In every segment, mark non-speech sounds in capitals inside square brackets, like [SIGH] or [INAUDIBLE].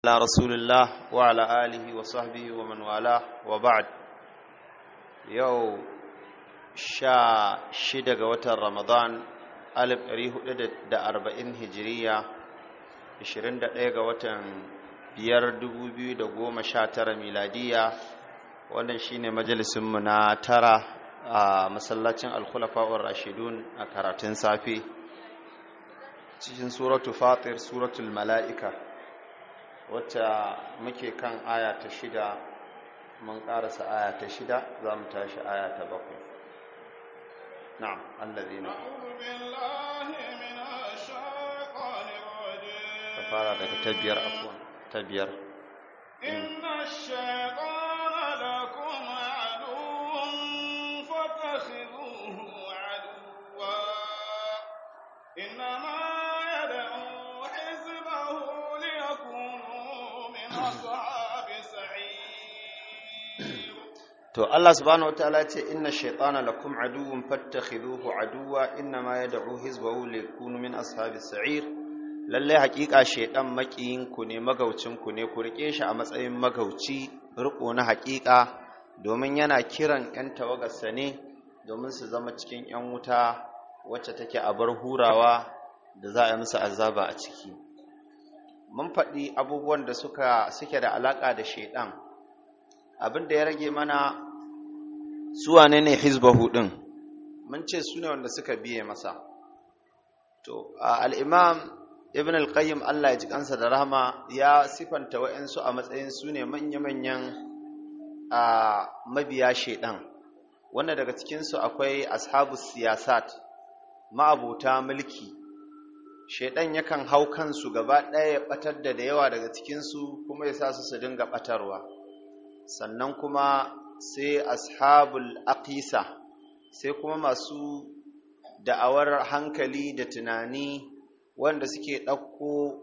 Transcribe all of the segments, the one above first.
Wa ala'alli wa saha biyu wa manwala wa ba'ad. Yau sha shi daga watan Ramadhan, alif ɗari huɗun ga watan biyar dubu sha tara miladiya. Wannan shine ne mu na tara a masallacin Al-Kulafawan Rashidun a karatun safe, cikin surutu fatir, suratul mala'ika. wacce muke kan aya ta shida mun karasa aya ta shida za mu tashi aya ta bakwai na'am allazi na ka fara daga ta biyar tabiyar ta biyar. inna ma to Allah subhanahu wataala ce inna shaytana lakum aduwwun fattakhiduhu aduwwa inna ma yad'u hizbahu likunu min ashabis sa'ir lalle haƙiƙa shaytan makiyin ku ne magaucin ku ne ku rike shi a matsayin magauci riko na haƙiƙa domin yana kiran ƴan tawagarsa ne domin su zama cikin ƴan wuta wacce take a bar hurawa da za a yi musu azaba a ciki mun faɗi abubuwan da suka suke da alaƙa da shaiɗan abin da ya rage mana su wane ne hizbahu din mun ce su ne wanda suka biye masa to al ibn al-qayyim Allah ya ji kansa da rahama ya sifanta wa'ansu a matsayin su ne manya-manyan mabiya shedan wanda daga cikinsu akwai ashabu siyasat ma'abuta mulki shedan yakan hau kansu gaba ɗaya ya batar da da yawa daga cikinsu kuma ya sa su su dinga batarwa sannan kuma sai ashabul aqisa sai kuma masu da'awar hankali da tunani wanda suke ɗauko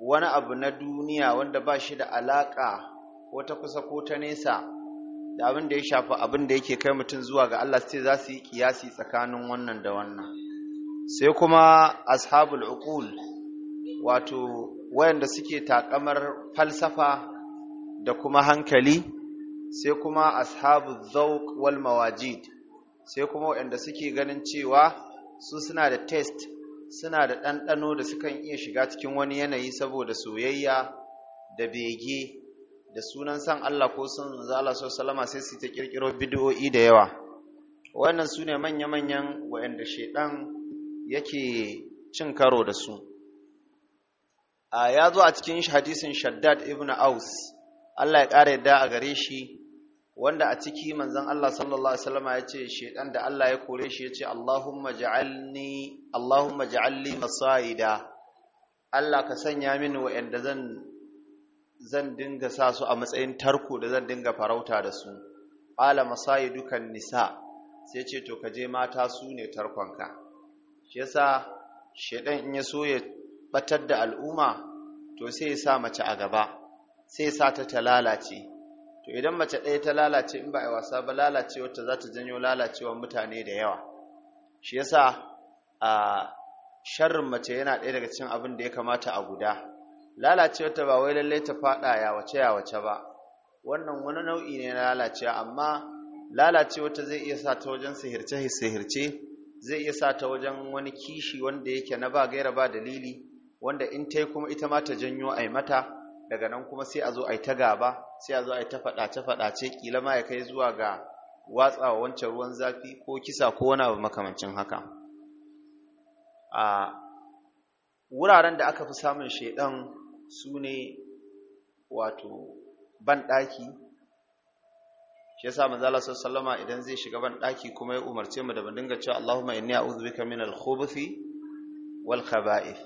wani abu na duniya wanda ba shi da alaƙa ko ta kusa ko ta nesa da abin da ya shafa abin da yake kai mutum zuwa ga Allah sai za su yi kiyasi tsakanin wannan da wannan sai kuma ashabul uqul wato wayanda suke takamar falsafa da kuma hankali sai kuma ashabu zauk wal mawajid sai kuma waɗanda suke ganin cewa su suna da test suna da ɗanɗano da sukan iya shiga cikin wani yanayi saboda soyayya da bege da sunan san Allah ko sun zala so salama sai su ta ƙirƙiro bidiyo'i da yawa wannan su ne manya-manyan waɗanda shaidan yake cin karo da su a ya zo a cikin hadisin shaddad ibn aus Allah ya ƙara yadda a gare shi wanda a ciki manzon Allah sallallahu alaihi wasallam ya ce shedan da Allah ya kore shi ya ce Allahumma ja'alni Allahumma ja'alni masaida Allah ka sanya mini wa'anda zan zan dinga sa su a matsayin tarko da zan dinga farauta da su qala masaidukan nisa sai ce to ka je mata su ne tarkonka shi yasa shedan in ya so ya batar da al'umma to sai ya sa mace a gaba sai sa ta ta lalace to idan mace ɗaya ta lalace in ba a wasa ba lalace zata za ta janyo lalacewa mutane da yawa shi yasa a sharrin mace yana ɗaya daga cikin abin da ya kamata a guda lalacewa ta ba wai lallai ta faɗa ya wace ya wace ba wannan wani nau'i ne na lalacewa amma lalacewa ta zai iya sa ta wajen sihirce sihirce zai iya sa ta wajen wani kishi wanda yake na ba gaira ba dalili wanda in ta kuma ita ma ta janyo ai mata daga nan kuma sai a zo a yi ta gaba sai a zo a yi ta faɗace faɗace kila ma ya kai zuwa ga watsawa wancan ruwan zafi ko kisa ko wani abu makamancin haka a wuraren da aka fi samun shaidan su ne wato banɗaki shi yasa manzo Allah sallama idan zai shiga banɗaki kuma ya umarce mu da mu dinga cewa Allahumma inni a'udhu bika min al-khubuthi wal khaba'ith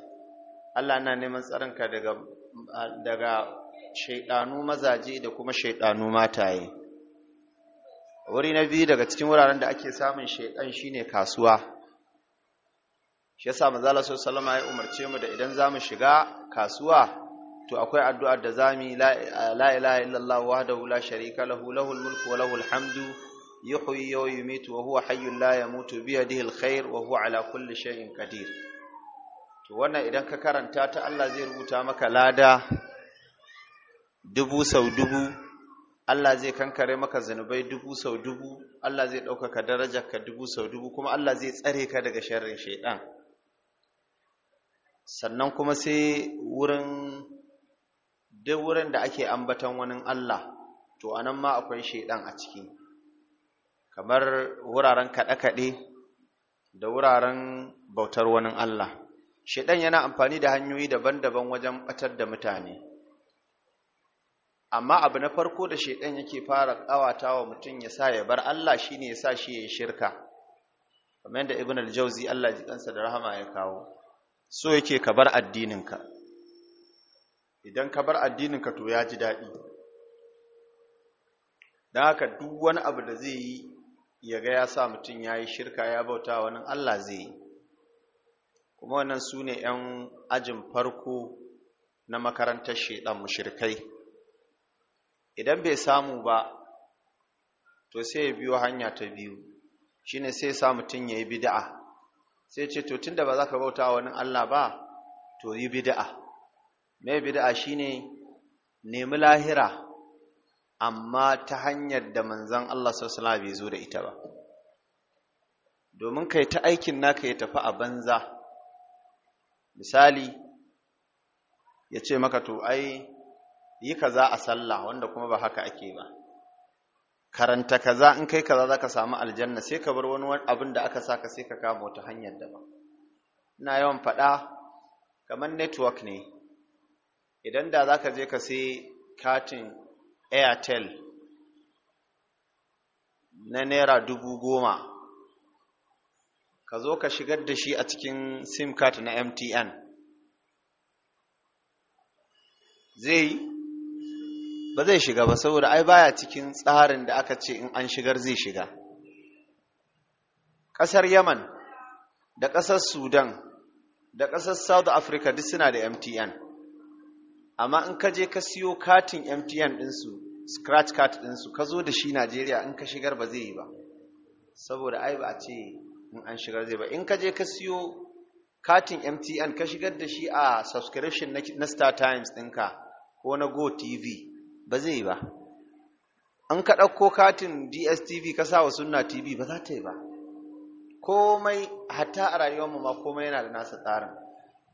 Allah ina neman ka daga daga shaidanu mazaje da kuma shaidanu mataye wuri na biyu daga cikin wuraren da ake samun shaidan shine kasuwa shi yasa manzo so sallallahu ya umarce mu da idan zamu shiga kasuwa to akwai addu'ar da zami la ilaha illallah wahdahu la sharika lahu lahul mulku wa lahul hamdu yuhyi wa yumiitu wa huwa hayyun la yamutu bi yadihi alkhair wa huwa ala kulli shay'in qadir to wannan idan ka karanta ta Allah zai rubuta maka lada dubu sau dubu Allah zai kankare maka zanubai dubu sau dubu Allah zai ɗaukaka darajarka dubu sau dubu kuma Allah zai tsare ka daga sharrin shaidan sannan kuma sai wurin duk wurin da ake ambaton wani Allah to anan ma akwai shaiɗan a ciki kamar wuraren kaɗe-kaɗe da wuraren bautar wani Allah shedan yana amfani da hanyoyi daban-daban wajen batar da mutane amma abu na farko da shedan yake fara wa mutum ya sa ya bar Allah shine ya sa shi ya shirka kamar yadda ibn al-jawzi Allah ji kansa da rahama ya kawo so yake ka bar addininka idan ka bar addininka to ya ji daɗi don haka duk wani abu da zai yi ya ga ya sa mutum ya yi shirka ya bauta wani Allah zai yi kuma wannan su ne ‘yan ajin farko na makarantar shaidan mushirkai idan bai samu ba to sai ya biyo hanya ta biyu shine sai sa mutum ya yi bida'a sai ce to tun da ba za ka bauta wa wani Allah ba to yi bida'a mai bida'a shine nemi lahira amma ta hanyar da manzan Allah sallallahu bai zo da ita ba domin kai ta aikin naka ya tafi a banza misali ya ce maka to ai yi kaza a sallah wanda kuma ba haka ake ba karanta kaza in kai kaza ka samu aljanna sai ka bar wani abin da aka saka sai ka kama wata hanyar da ba. ina yawan faɗa kamar network ne idan da za ka je ka sai katin airtel na naira dubu goma ka zo ka shigar da shi a cikin sim card na mtn zai ba zai shiga ba saboda ai baya cikin tsarin da aka ce in an shigar zai shiga ƙasar yaman da ƙasar sudan da ƙasar south africa duk suna da mtn amma in ka je ka siyo katin mtn ɗinsu scratch card ɗinsu ka zo da shi najeriya in ka shigar ba zai yi ba saboda ai ba a ce in an shigar zai ba in ka je ka siyo katin mtn ka shigar da shi a subscription na star times ɗinka ko na go tv ba zai ba an ka ɗauko katin dstv ka sa wa sunna tv ba za ta yi ba komai hatta a rayuwarmu ma komai yana da nasa tsarin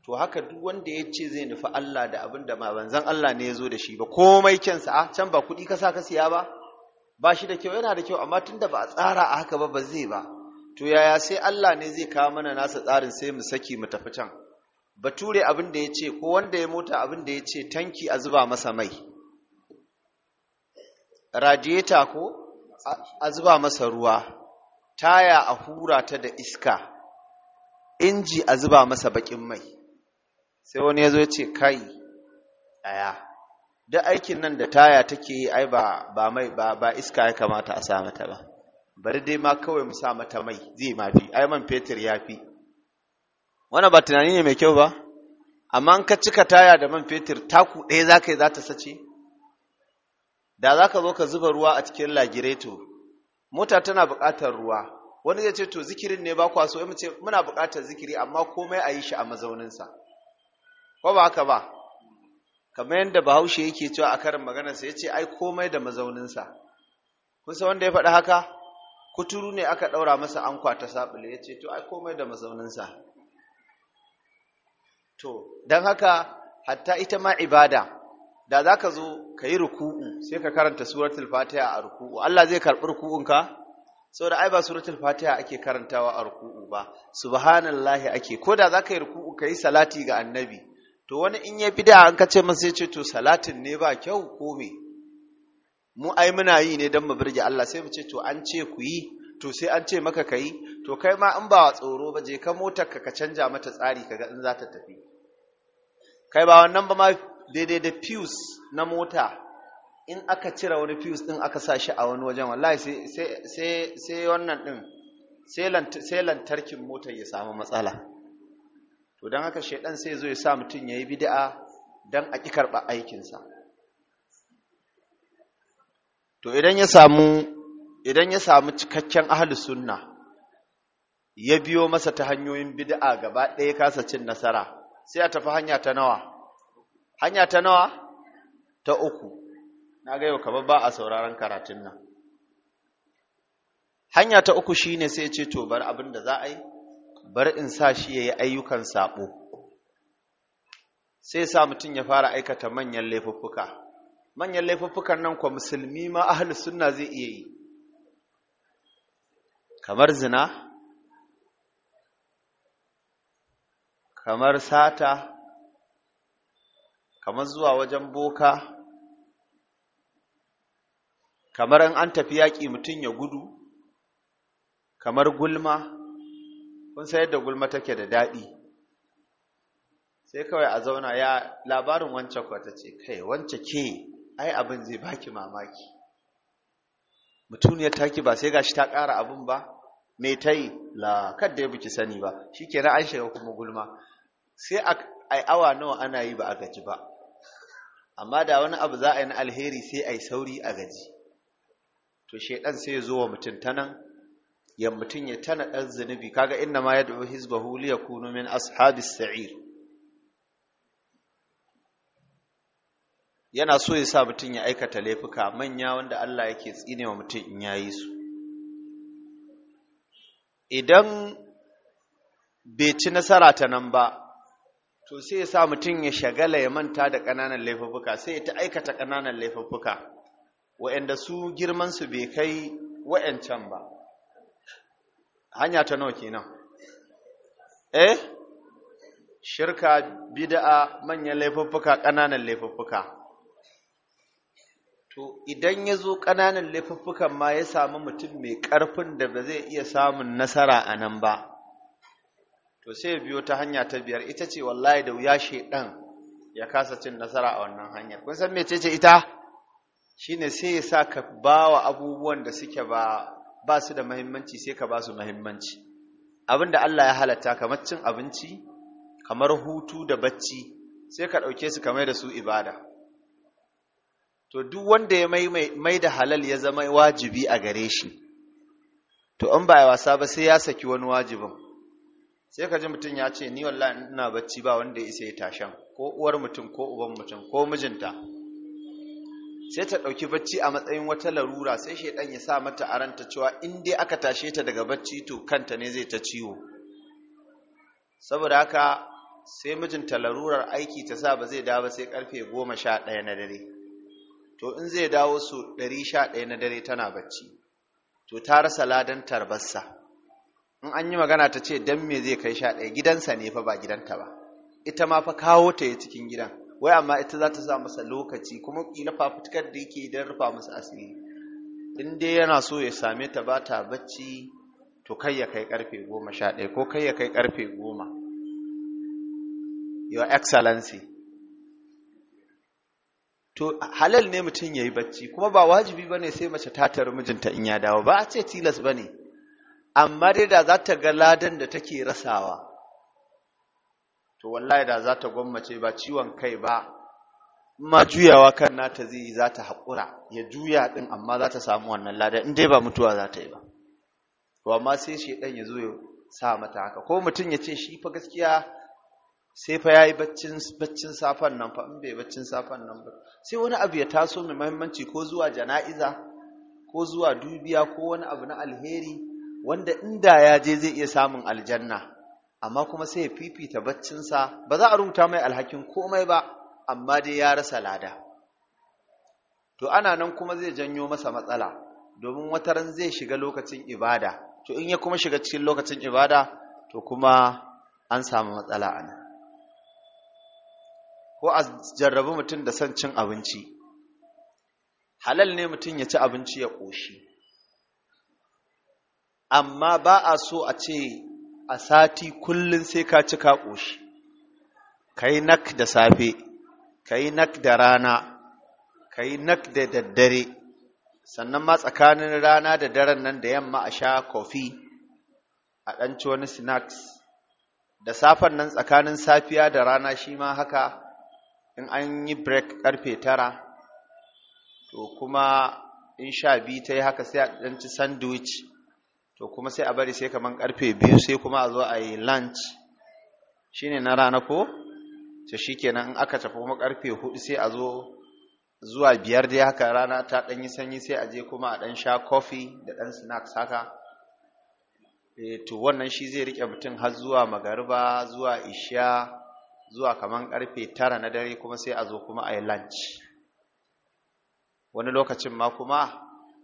to haka duk wanda ya ce zai nufi Allah da abin da ma banzan Allah ne ya zo da shi ba komai kyansa a ah, can ba kuɗi ka sa ka siya ba ba shi da kyau yana da kyau amma tun da ba a tsara a haka ba ba zai ba to yaya sai Allah ne zai kawo mana nasa tsarin sai mu saki mu tafi can bature abin da ya ko wanda ya mota abin da ya tanki a zuba masa mai radiator ko a zuba masa ruwa taya a hura ta da iska inji a zuba masa bakin mai sai wani ya zo kai aya da aikin nan da taya take yi ai ba ba mai ba iska ya kamata a sa mata ba bari dai ma kawai mu sa mata mai zai ma fi ai man fetur ya fi wannan ba tunani ne mai kyau ba amma an ka cika taya da man fetur taku ɗaya za ka yi za ta sace da za ka zo ka zuba ruwa a cikin lagireto mota tana buƙatar ruwa wani zai ce to zikirin ne ba kwa so mu ce muna buƙatar zikiri amma komai a yi shi a mazauninsa ko ba haka ba kamar yadda bahaushe yake cewa a karin maganarsa ya ce ai komai da mazauninsa kun san wanda ya faɗi haka kuturu ne aka ɗaura masa ankwa ta sabule ya ce to ai komai da mazauninsa to don haka hatta ita ma ibada da za ka zo ka yi ruku'u sai ka karanta suratul fatiha a ruku'u Allah zai karɓi ruku'unka da ai ba suratul fatiha ake karantawa a ruku'u ba subhanallahi ake ko da za ka yi ruku'u ka yi salati ga annabi to wani in ya bida an ka ce masa ya ce to salatin ne ba kyau ko me mu ai muna yi ne don mu birge Allah sai mu ce to an ce ku yi to sai an ce maka kai to kai ma in ba tsoro ba je ka motar ka ka canja mata tsari kaga in za ta tafi kai ba wannan ba ma daidai da fuse na mota in aka cire wani fuse din aka sa shi a wani wajen wallahi sai sai wannan din sai lantarkin motar ya samu matsala to don haka shaidan sai zo ya sa mutum ya yi bid'a don a ƙi karɓa aikinsa to idan ya samu idan ya samu cikakken ahli sunna ya biyo masa ta hanyoyin bid'a gaba ɗaya kasa cin nasara sai a tafi hanya ta nawa hanya ta nawa ta uku na ga yau kamar ba a sauraron karatun nan hanya ta uku shine sai ya ce to bar abin da za a yi bar in sa shi yayi ayyukan sabo sai sa mutum ya fara aikata manyan laifuffuka manyan laifuffukan nan kwa musulmi ma ahli sunna zai iya yi kamar zina kamar sata kamar zuwa wajen boka kamar an tafi yaki mutum ya gudu kamar gulma kun sayar yadda gulma take da daɗi sai kawai a zauna ya labarin wancan kwata ce kai wance ke ai abin zai baki mamaki mutuniyar taki ba sai gashi ta ƙara abin ba me ta yi la kadda ya biki sani ba Shi na an shiga kuma gulma sai ai awa nawa ana yi ba a gaji ba amma da wani abu za a yi na alheri sai ai sauri a gaji to shaidan sai ya zo wa mutum ta nan ya mutum ya tana ɗan zunubi kaga inna ma ya dubi hizbahu liya yakunu min ashabis sa'ir yana so ya sa mutum ya aikata laifuka manya wanda Allah yake tsine wa mutum in ya yi su idan bai ci nasara ta nan ba to sai ya sa mutum ya shagala ya manta da ƙananan laifuffuka sai ya ta aikata ƙananan laifuffuka wa'anda su girmansu bai kai wa'ancan ba hanya ta nawa kenan eh shirka bid'a manyan laifuffuka ƙananan laifuffuka to idan ya zo ƙananan laifuffukan ma ya samu mutum mai ƙarfin da ba zai iya samun nasara a nan ba to sai ya biyo ta hanya ta biyar ita ce wallahi da wuya shaidan ya kasa cin nasara a wannan hanyar kun san ce ita Shi ne sai ya sa ka ba wa abubuwan da suke ba su da muhimmanci sai ka ba su muhimmanci abin da Allah ya halatta kamar cin abinci kamar hutu da bacci sai ka ɗauke su kamar da su ibada to duk wanda ya mai da halal ya zama wajibi a gare shi to in ba ya wasa ba sai ya saki wani wajibin sai ka ji mutum ya ce ni wallahi ina bacci ba wanda ya isa ya tashan ko uwar mutum ko uban mutum ko mijinta sai ta ɗauki bacci a matsayin wata larura sai shaidan ya sa mata aron cewa in dai aka tashe ta daga bacci to kanta ne zai ta ciwo saboda haka sai mijinta larurar aiki ta sa ba zai dawo ba sai karfe goma sha ɗaya na dare to in zai dawo su ɗari sha ɗaya na dare tana bacci to ta rasa ladan tarbarsa in an yi magana ta ce dan me zai kai sha ɗaya gidansa ne fa ba gidanta ba ita ma fa kawo ta ya cikin gidan wai amma ita za ta sa masa lokaci kuma kila fafutukar da yake don rufa masa asiri in dai yana so ya same ta ba ta bacci to kai ya kai karfe goma sha ɗaya ko kai ya kai karfe goma your excellency to halal ne mutum ya yi bacci kuma ba wajibi ba ne sai mace ta tari mijinta in ya dawo ba a ce tilas ba ne amma dai da za ta ga ladan da take rasawa to wallahi da za ta gwammace ba ciwon kai ba ma juyawa kan nata zai yi za ta haƙura ya juya ɗin amma za ta samu wannan ladan in dai ba mutuwa za ta yi ba to amma sai shi ɗan ya zo ya sa mata haka ko mutum ya ce shi fa gaskiya sai fa ya yi baccin safan nan fa in bai baccin safan nan ba sai wani abu ya taso mai muhimmanci ko zuwa jana'iza ko zuwa dubiya ko wani abu na alheri wanda inda ya je zai iya samun aljanna amma kuma sai ya fifita baccin sa ba za a rubuta mai alhakin komai ba amma dai ya rasa lada to ana nan kuma zai janyo masa matsala domin wata wataran zai shiga lokacin ibada to in ya kuma shiga cikin lokacin ibada to kuma an samu matsala a nan ko a jarrabi mutum da son cin abinci halal ne mutum ya ci abinci ya ƙoshi amma ba a so a ce a sati kullum sai ka ci ka ƙoshi ka yi nak da safe ka yi nak da rana ka yi nak da daddare sannan ma tsakanin rana da daren nan da yamma a sha kofi a ɗanci wani snacks da safen nan tsakanin safiya da rana shi ma haka in an yi break karfe tara to kuma in sha biyu ta yi haka sai a ɗan ci sandwich to kuma sai a bari sai kamar karfe biyu sai kuma a zo a yi lunch ne na rana ko to kenan in aka tafi kuma karfe hudu sai a zo zuwa biyar dai haka rana ta ɗan yi sanyi sai a je kuma a ɗan sha kofi da ɗan snacks haka eh, to wannan shi zai rike mutum har zuwa magariba zuwa isha zuwa kamar karfe tara na dare kuma sai a zo kuma a yi lunch wani lokacin ma kuma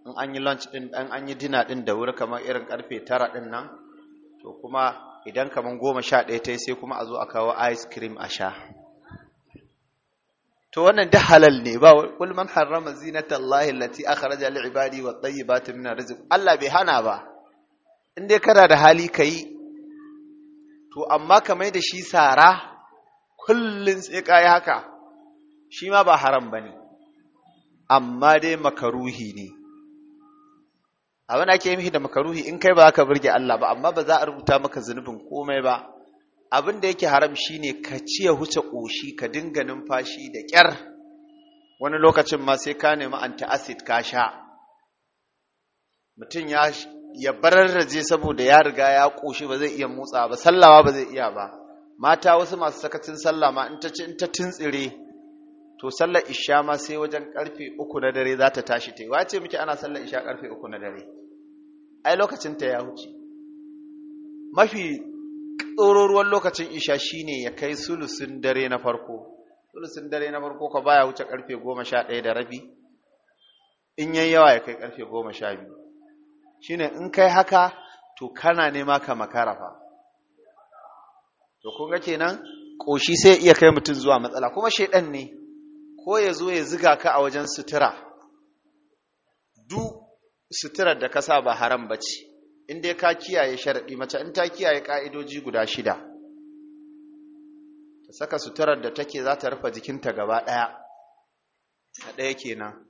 in an yi lunch ɗin, ɗan an yi dina ɗin da wuri kamar irin karfe tara ɗin nan to kuma idan kamar goma sha ɗaya ta yi, sai kuma a zo a kawo ice cream a sha to wannan da halal ne ba kul man harrama zinata allahi allati akhraja ibadi wat tayyibati min Allah bai hana ba in dai kana da hali kai to amma kamai da shi sara kullun sai kai haka shi ma ba haram ba ne, amma dai makaruhi ne abin ake yi da makaruhi in kai ba ka birge Allah ba amma ba za a rubuta maka zunubin komai ba abin da yake haram shi ne ka ciye huce koshi ka dinga numfashi da ƙyar. wani lokacin ma sai ka nemi anti-acid ka sha mutum ya ya bararraje saboda ya riga ya koshi ba zai iya motsa ba sallawa ba zai iya ba mata wasu masu sakacin sallah ma in ta ci in ta tuntsire to sallar isha ma sai wajen karfe uku na dare za ta tashi ta yi wace miki ana sallar isha karfe uku na dare ai lokacin ta ya huce mafi tsororuwan lokacin isha shine ya kai sulusun dare na farko sulusun dare na farko ka baya wuce karfe goma sha ɗaya da rabi in yayi yawa ya kai karfe goma sha biyu shine in kai haka to kana nema ka makarafa to kun ga kenan koshi sai iya kai mutum zuwa matsala kuma shaidan ne ko ya zo ya ziga ka a wajen sutura du suturar da ka sa ba haram ba ce in dai ka kiyaye sharaɗi mace in ta kiyaye ƙa'idoji guda shida ta saka suturar da take za ta rufe jikinta gaba ɗaya na ɗaya kenan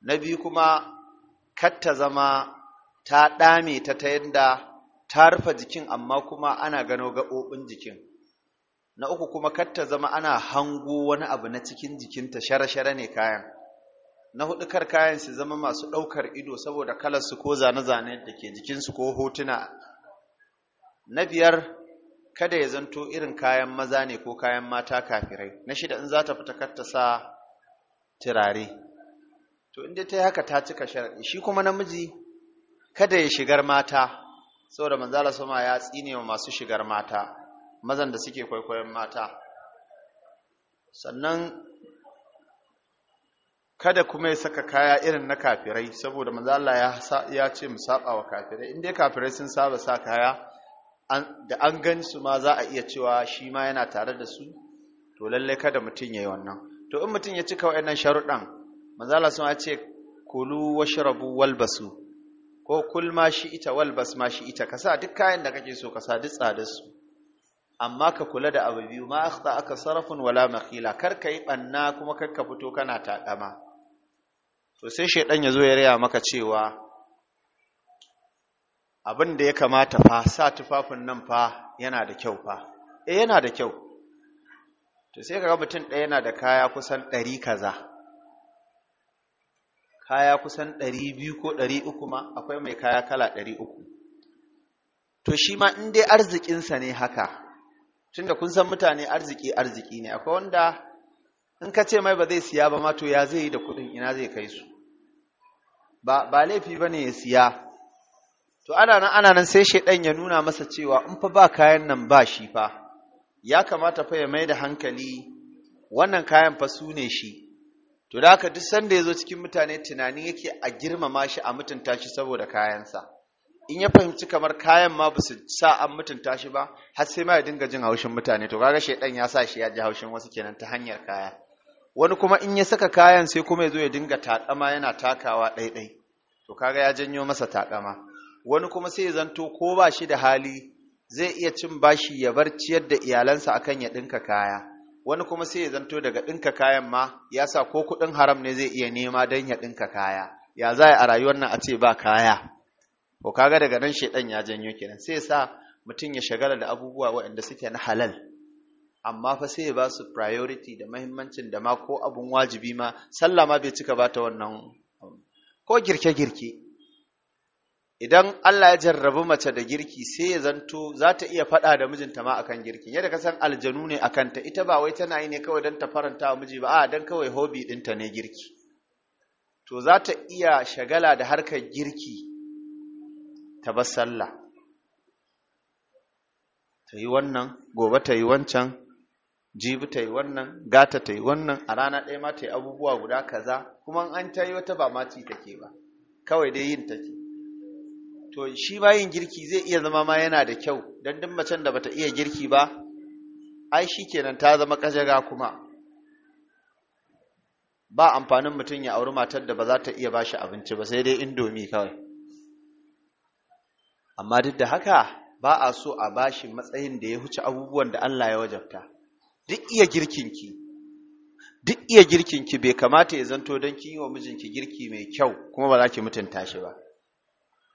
na biyu kuma kar ta zama ta ɗame ta ta yadda ta rufe jikin amma kuma ana gano gaɓoɓin jikin na uku kuma kar zama ana hango wani abu na cikin jikinta share-share ne kayan na hudu kar kayan su zama masu ɗaukar ido saboda kalar su ko zane-zane da ke jikinsu ko hotuna na biyar kada ya zanto irin kayan maza ne ko kayan mata kafirai na shida in za ta fita kar sa turare to inda ta yi haka ta cika sharaɗi shi kuma namiji kada ya shigar mata saboda manzala sama ya tsine wa masu shigar mata mazan da suke kwaikwayon mata sannan kada kuma ya saka kaya irin na kafirai saboda manzo ya ce mu saba wa kafirai inda kafirai sun saba sa kaya da an gan su ma za a iya cewa shi ma yana tare da su to lalle kada mutum ya yi wannan to in mutum ya ci kawai nan sharuɗan manzo sun ce kulu washrabu walbasu ko kul shi ita walbas ma shi ita kasa duk kayan da kake so kasa duk tsadar su amma ka kula da abu biyu ma akhta aka sarafun wala makila kar ka yi banna kuma kar ka fito kana taƙama to sai shaidan ya zo ya raya maka cewa abin da ya kamata fa sa tufafin nan fa yana da kyau fa eh yana da kyau to sai kaga mutum ɗaya yana da kaya kusan ɗari kaza kaya kusan ɗari biyu ko ɗari uku ma akwai mai kaya kala ɗari uku to shi ma in dai arzikinsa ne haka tunda kun san mutane arziki arziki ne akwai wanda in ka ce mai ba zai siya ba ma to ya zai yi da kuɗin ina zai kai su ba ba ne ya siya to ana nan ana nan sai shaidan ya nuna masa cewa in fa ba kayan nan ba shi fa ya kamata fa ya mai da hankali wannan kayan fa su ne shi to da haka duk sanda ya zo cikin mutane tunani yake a girmama shi a mutunta shi saboda kayansa in ya fahimci kamar kayan ma ba su sa an mutunta shi ba har sai ma ya dinga jin haushin mutane to kaga shedan ya sa shi ya ji haushin wasu kenan ta hanyar kaya wani kuma in ya saka kayan sai kuma ya zo ya dinga takama yana takawa ɗaiɗai to kaga ya janyo masa takama wani kuma sai ya zanto ko ba shi da hali zai iya cin bashi ya bar ciyar da iyalansa akan ya ɗinka kaya wani kuma sai ya zanto daga ɗinka kayan ma ya sa ko kuɗin haram ne zai iya nema don ya ɗinka kaya ya za a rayuwar nan a ce ba kaya ko kaga daga nan shedan ya janyo kenan sai sa mutum ya shagala da abubuwa waɗanda suke na halal amma fa sai ya ba su priority da mahimmancin da ma ko abun wajibi ma sallah ma bai cika ba ta wannan ko girke-girke idan Allah ya jarrabu mace da girki sai ya zanto za ta iya faɗa da mijinta ma akan girki. yadda ka san aljanu ne akan ta ita ba wai tana yi ne kawai don ta faranta wa miji ba a don kawai hobi ɗinta ne girki to za ta iya shagala da harkar girki ta bar sallah ta yi wannan gobe ta yi wancan jibi ta yi wannan gata ta yi wannan a rana ɗaya ma ta yi abubuwa guda kaza kuma an ta yi wata ba maci take ba kawai dai yin take to shi ba yin girki zai iya zama ma yana da kyau don duk macen da bata iya girki ba ai shi kenan ta zama kajaga kuma ba amfanin mutum ya auri matar da ba za ta iya ba shi abinci ba sai dai indomi kawai amma duk da haka ba a so a bashi matsayin da ya huce abubuwan da Allah ya wajabta duk iya ki, duk iya girkinki bai kamata ya zanto don kin yi wa mijinki girki mai kyau kuma ba za ki mutunta shi ba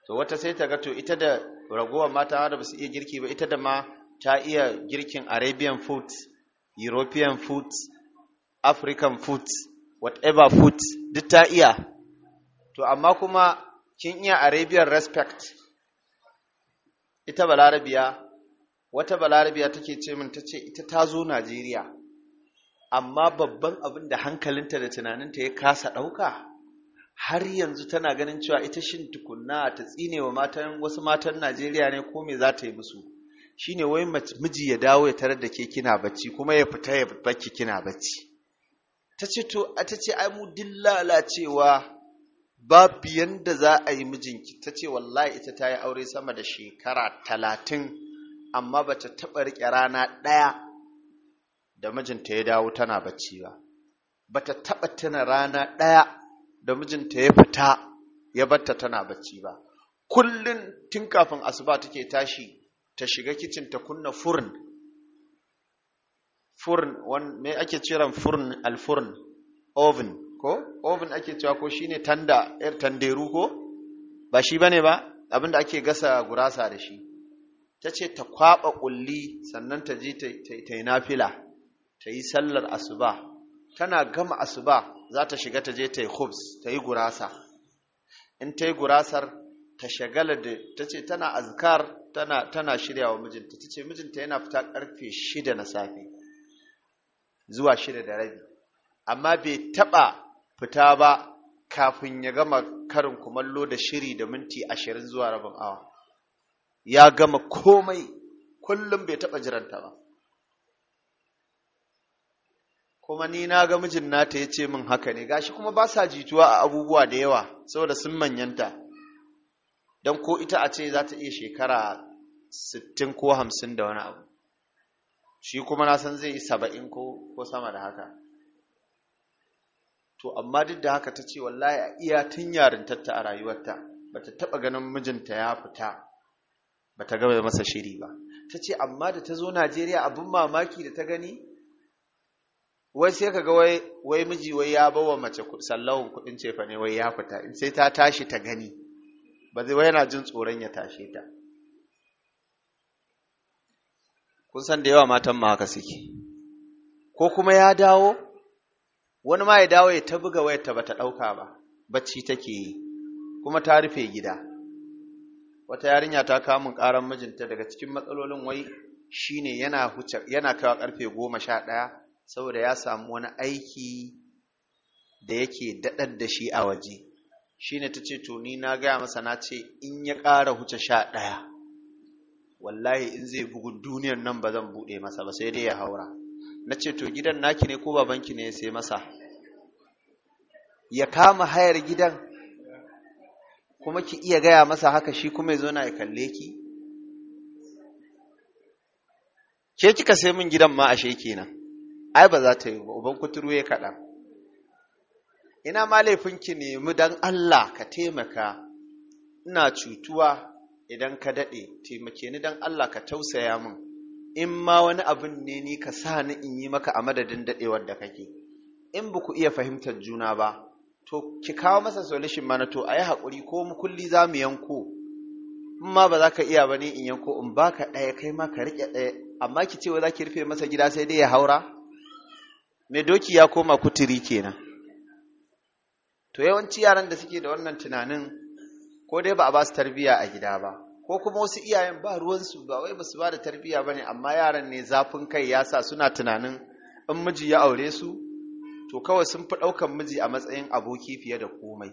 to wata sai ta ga to ita da ragowar mata da ba su iya girki ba ita da ma ta iya girkin arabian food european food african food whatever food duk ta iya to amma kuma kin iya arabian respect ita balarabiya wata balarabiya take ce min ta ce ita ta zo najeriya amma babban abin da hankalinta da tunaninta ya kasa ɗauka har yanzu tana ganin cewa ita shin tukunna ta tsine wa matan wasu matan najeriya ne ko me za ta yi musu shine wai miji ya dawo ya tarar da ke kina bacci kuma ya fita ya baki kina bacci ta ce to ta ce ai mu dillala lalacewa babu yadda za a yi mijinki ta ce wallahi ita ta yi aure sama da shekara talatin amma ba ta taɓa riƙe rana ɗaya da mijinta ya dawo tana bacci ba ba ta taɓa tuna rana ɗaya da mijinta ya fita ya batta tana bacci ba kullum tun kafin asuba take tashi ta shiga kicin ta kunna furin furin me ake ciran furin alfurin oven ko oven ake cewa ko shine tanda yar tanderu ko ba shi bane ba abinda ake gasa gurasa da shi ta ce ta kwaba kulli sannan ta je ta yi nafila ta yi sallar asuba tana gama asuba za ta shiga ta je ta yi khubs ta yi gurasa in ta yi gurasar ta shagala da ta ce tana azkar tana tana shirya wa mijinta ta ce mijinta yana fita karfe shida na safe zuwa shida da rabi amma bai taba fita ba kafin ya gama karin kumallo da shiri da minti ashirin zuwa rabin awa ya gama komai kullum bai taɓa jiranta ba kuma ni na ga mijin nata ya ce min haka ne gashi kuma ba sa jituwa a abubuwa da yawa saboda sun manyanta don ko ita a ce za ta iya shekara sittin ko hamsin da wani abu shi kuma na san zai yi saba'in ko sama da haka to amma duk da haka ta ce wallahi a iya tun yarintarta a rayuwarta ba ta taɓa ganin mijinta ya fita ba ta gaba masa shiri ba ta ce amma da ta zo najeriya abin mamaki da ta gani wai sai ka ga wai miji wai ya bawa mace sallawan kuɗin cefa ne wai ya fita in sai ta tashi ta gani ba zai wai yana jin tsoron ya tashe ta kun san da yawa matan ma haka suke ko kuma ya dawo wani ma ya dawo ya ta buga wayar ta bata dauka ba bacci take yi kuma ta rufe gida wata yarinya ta kawo min karan mijinta daga cikin matsalolin wai shine yana huce yana kawo karfe 11 saboda ya samu wani aiki da yake dadar da shi a waje shine tace to ni na gaya masa na ce in ya ƙara huce 11 wallahi in zai bugu duniyar nan ba zan bude masa ba sai dai ya haura na ce to gidan naki ne ko babanki ne ya sai masa ya kama hayar gidan kuma ki iya gaya masa haka shi kuma ya zo na ya kalle ki ke kika sai min gidan ma ashe kenan ai ba za ta yi ba uban kuturu ya kaɗan ina ma laifinki nemi dan Allah ka taimaka ina cutuwa idan ka daɗe taimake ni don Allah ka tausaya min in ma wani abin ne ni ka sa ni in yi maka a madadin daɗewar da kake in ba ku iya fahimtar juna ba to ki kawo masa solution mana to a yi haƙuri ko mu kulli za mu yanko in ma ba za ka iya ba ne in yanko in ba ka ɗaya kai ma ka riƙe ɗaya amma ki ce wa za ki rufe masa gida sai dai ya haura Me doki ya koma kuturi kenan to yawanci yaran da suke da wannan tunanin ko dai ba a ba su tarbiyya a gida ba ko kuma wasu iyayen ba ruwansu ba wai ba su ba da tarbiyya ba ne amma yaran ne zafin kai ya sa suna tunanin in miji ya aure su to kawai sun fi ɗaukan miji a matsayin aboki fiye da komai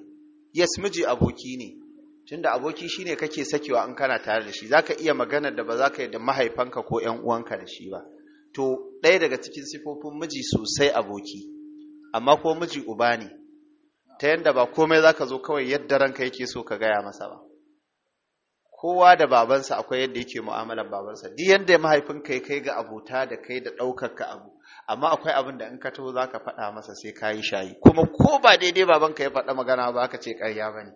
yes miji aboki ne tunda aboki shine kake sakewa in kana tare da shi zaka iya magana da ba za ka yi da mahaifanka ko ƴan uwanka da shi ba to ɗaya daga cikin sifofin miji sosai aboki amma ko miji uba ne ta yadda ba komai za ka zo kawai yadda ranka yake so ka gaya masa ba kowa da babansa akwai yadda yake mu'amalar babansa duk yadda mahaifinka ya kai ga abuta da kai da ɗaukar ka abu amma akwai abin da in ka taho za ka faɗa masa sai ka yi shayi kuma ko ba daidai babanka ya faɗa magana ba ka ce ƙarya ba ne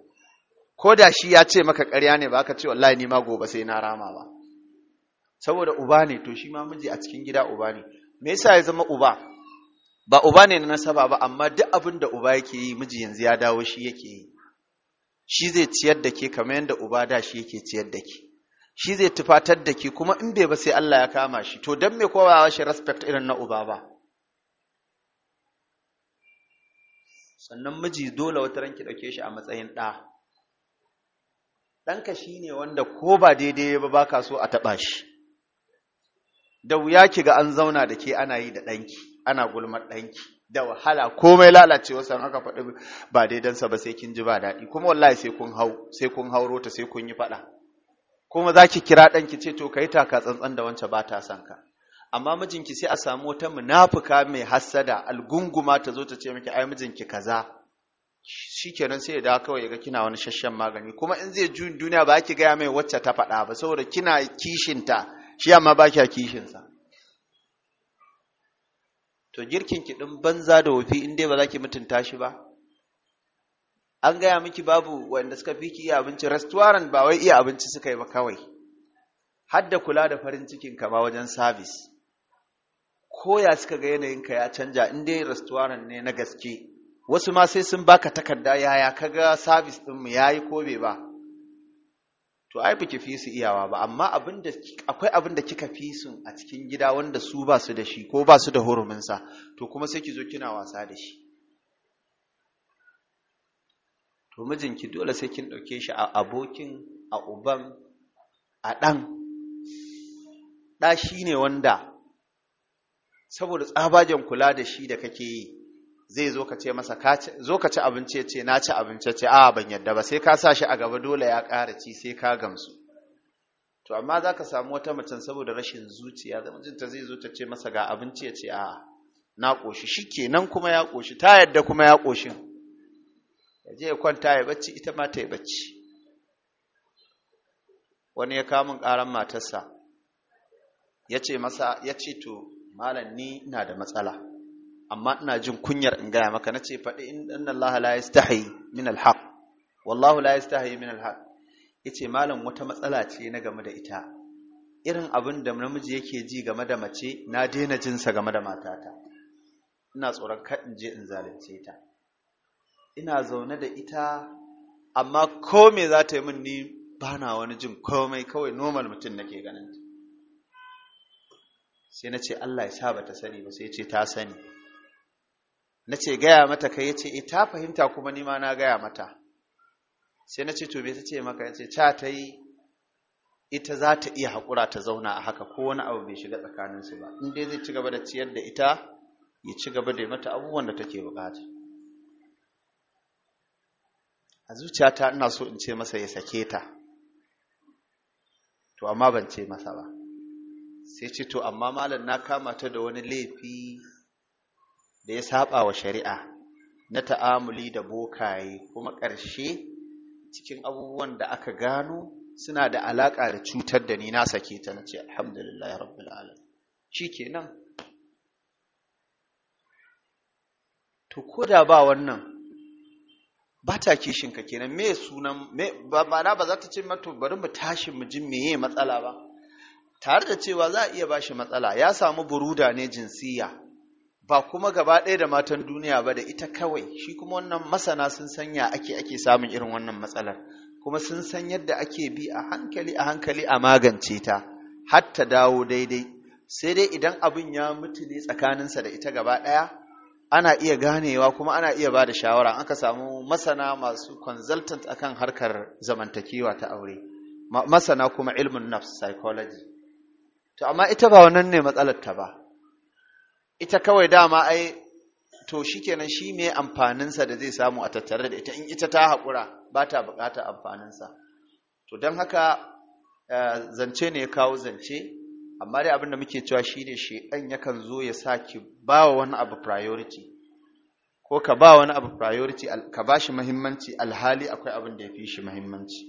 ko da shi ya ce maka ƙarya ne ba ka ce wallahi ni ma gobe sai na rama ba saboda uba ne to shi ma miji a cikin gida uba ne me yasa ya zama uba ba uba ne na nasaba ba amma duk abin da uba yake yi miji yanzu ya dawo shi yake yi shi zai ciyar da ke kamar yadda uba da shi yake ciyar da ke shi zai tufatar da ke kuma in bai ba sai Allah ya kama shi to don me kowa shi respect irin na uba ba sannan miji dole wata ranki dauke shi a matsayin ɗa ɗanka shi ne wanda ko ba daidai ba ba ka so a taɓa shi da wuya ki ga an zauna da ke ana yi da ɗanki ana gulmar ɗanki da wahala komai lalacewa san aka faɗi ba daidansa ba sai kin ji ba daɗi kuma wallahi sai kun hau sai kun hauro ta sai kun yi faɗa kuma za ki kira ɗan ki ce to kai taka tsantsan da wancan ba ta san ka amma mijinki sai a samu wata munafuka mai hassada algunguma ta zo ta ce miki ai mijinki kaza shikenan sai ya dawo kawai ya ga kina wani shashshen magani kuma in zai juyin duniya ba ki gaya mai wacce ta faɗa ba saboda kina kishinta shi amma ba kishin kishinsa to girkin ki ɗin banza da wofi in dai ba za ki mutunta shi ba an gaya miki babu wanda suka fi ki iya abinci restaurant ba wai iya abinci suka yi ba kawai har da kula da farin cikin ka ba wajen service ya suka ga yanayinka ya canja in dai restaurant ne na gaske wasu ma sai sun baka takarda yaya kaga service ɗinmu yayi ko bai ba to ai baki fi su iyawa ba amma abin akwai abin da kika fi su a cikin gida wanda su ba su da shi ko ba su da hurumin sa to kuma sai ki zo kina wasa da shi to mijinki dole sai kin ɗauke shi a abokin a uban a dan da shine wanda saboda tsabajen kula da shi da kake yi zai zo ka ce masa zo ka ci abinci ce na ci abinci ce a ban yadda ba sai ka sa shi a gaba dole ya ƙara ci sai ka gamsu to amma za ka samu wata mutum saboda rashin zuciya da mijinta zai zo ta ce masa ga abinci ya ce a na ƙoshi shi kenan kuma ya ƙoshi ta yadda kuma ya ƙoshi. ya je ya kwanta ya bacci ita ma ta yi bacci wani ya kamun ƙaran matarsa ya ce masa ya ce to malam ni ina da matsala amma ina jin kunyar in gaya maka nace faɗi inna Allah la yastahi min alhaq wallahu la yastahi min alhaq yace malam wata matsala ce na game da ita irin abin da namiji yake ji game da mace na daina jinsa sa game da matata ina tsoron kar je in zalunce ta ina zaune da ita amma ko me za ta yi min ni bana wani jin komai kawai normal mutum nake ganin ta sai na ce Allah ya sa ba ta sani ba sai ce ta sani na ce gaya mata kai yace ce e fahimta kuma nima na gaya mata sai na ce to me ta ce maka ya ce ta yi ita za ta iya haƙura ta zauna a haka ko wani abu bai shiga tsakaninsu ba in zai ci gaba da ciyar da ita ya ci gaba da mata abubuwan da take bukata a zuciyata ina so in ce masa ya sake ta to amma ban ce masa ba sai ce to amma malam na kama ta da wani laifi da ya saba wa shari'a na ta'amuli da bokaye kuma ƙarshe cikin abubuwan da aka gano suna da alaƙa da cutar da ni na sake ta na ce alhamdulillah rabbil alamin shi nan to ko da ba wannan ba ta kishinka kenan me sunan ba ba za ta ce mato bari mu tashi mu ji meye matsala ba tare da cewa za a iya ba shi matsala ya samu buruda ne jinsiya ba kuma gaba ɗaya da matan duniya ba da ita kawai shi kuma wannan masana sun sanya ake ake samun irin wannan matsalar kuma sun san yadda ake bi a hankali a hankali a magance ta har ta dawo daidai sai dai idan abin ya mutu ne tsakaninsa da ita gaba ɗaya ana iya ganewa kuma ana iya ba da shawara aka samu masana masu consultant akan harkar zamantakewa ta aure masana kuma ilmin nafs psychology to amma ita ba wannan ne matsalar ta ba ita kawai dama ai to shikenan shi ne amfaninsa da zai samu a tattare da ita in ita ta haƙura ba ta buƙatar amfaninsa to don haka eh, zance ne ya kawo zance amma dai abinda muke cewa shi shine shedan yakan zo ya sa ki ba wa wani abu priority ko ka ba wani abu priority ka ba shi muhimmanci alhali akwai abin da ya fi shi muhimmanci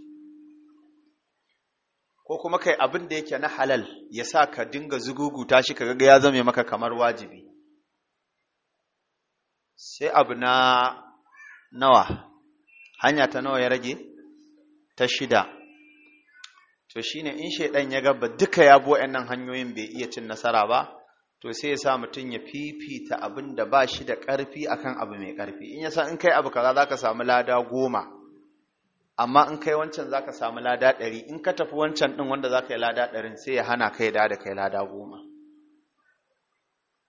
ko kuma kai abin da yake na halal ya sa ka dinga zuguguta shi ka ga ya zame maka kamar wajibi sai abu na nawa hanya ta nawa ya rage ta shida to shine in shaidan ya gaba duka ya bo nan hanyoyin bai iya cin nasara ba to sai ya sa mutum ya fifita abin da ba shi da ƙarfi akan abu mai ƙarfi in ya sa in kai abu kaza za ka samu lada goma amma in kai wancan za ka samu lada ɗari in ka tafi wancan ɗin wanda za ka yi lada ɗarin sai ya hana kai da da kai lada goma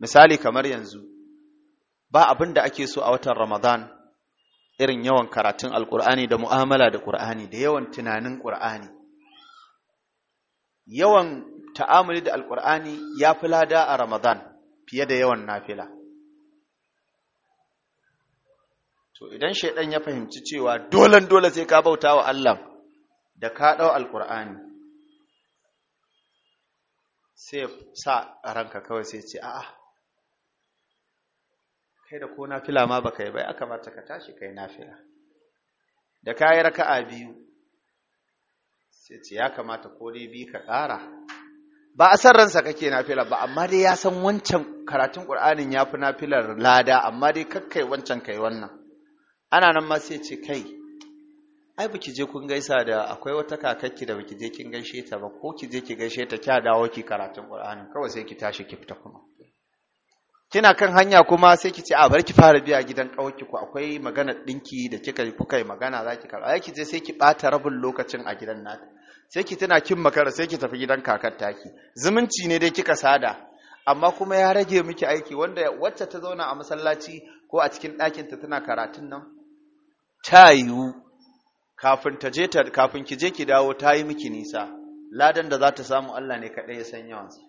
misali kamar yanzu ba abin da ake so a watan Ramadan irin yawan karatun Alƙur'ani da mu'amala da Ƙur'ani da yawan tunanin Ƙur'ani. Yawan ta'amuli da Alƙur'ani ya fi lada a Ramadan fiye da yawan nafila. To idan shaidan ya fahimci cewa dole dole sai ka bauta wa Allah da ka ɗau Alƙur'ani, sai sa ranka kawai sai ce, a'a. kai da ko nafila ma baka yi bai aka kamata ka tashi kai nafila da ka yi raka'a biyu sai ce ya kamata ko dai bi ka ƙara ba a san ransa kake nafila ba amma dai ya san wancan karatun ƙur'anin ya fi nafilar lada amma dai kakkai wancan kai wannan ana nan ma sai ce kai ai ki je kun gaisa da akwai wata kakakki da baki je kin gaishe ta ba ko ki je ki gaishe ta kya dawo ki karatun ƙur'anin kawai sai ki tashi ki fita kuma kina kan hanya kuma sai ki ce a bar ki fara biya gidan kawaki ku akwai magana dinki da kika kuka yi magana za ki karɓa ki je sai ki ɓata rabin lokacin a gidan nata sai ki tana kin makara sai ki tafi gidan kakar taki zumunci ne dai kika sada amma kuma ya rage miki aiki wanda wacce ta zauna a masallaci ko a cikin ɗakinta tana karatun nan ta yiwu kafin ta je kafin ki je ki dawo ta yi miki nisa ladan da za ta samu Allah ne kaɗai ya san yawansa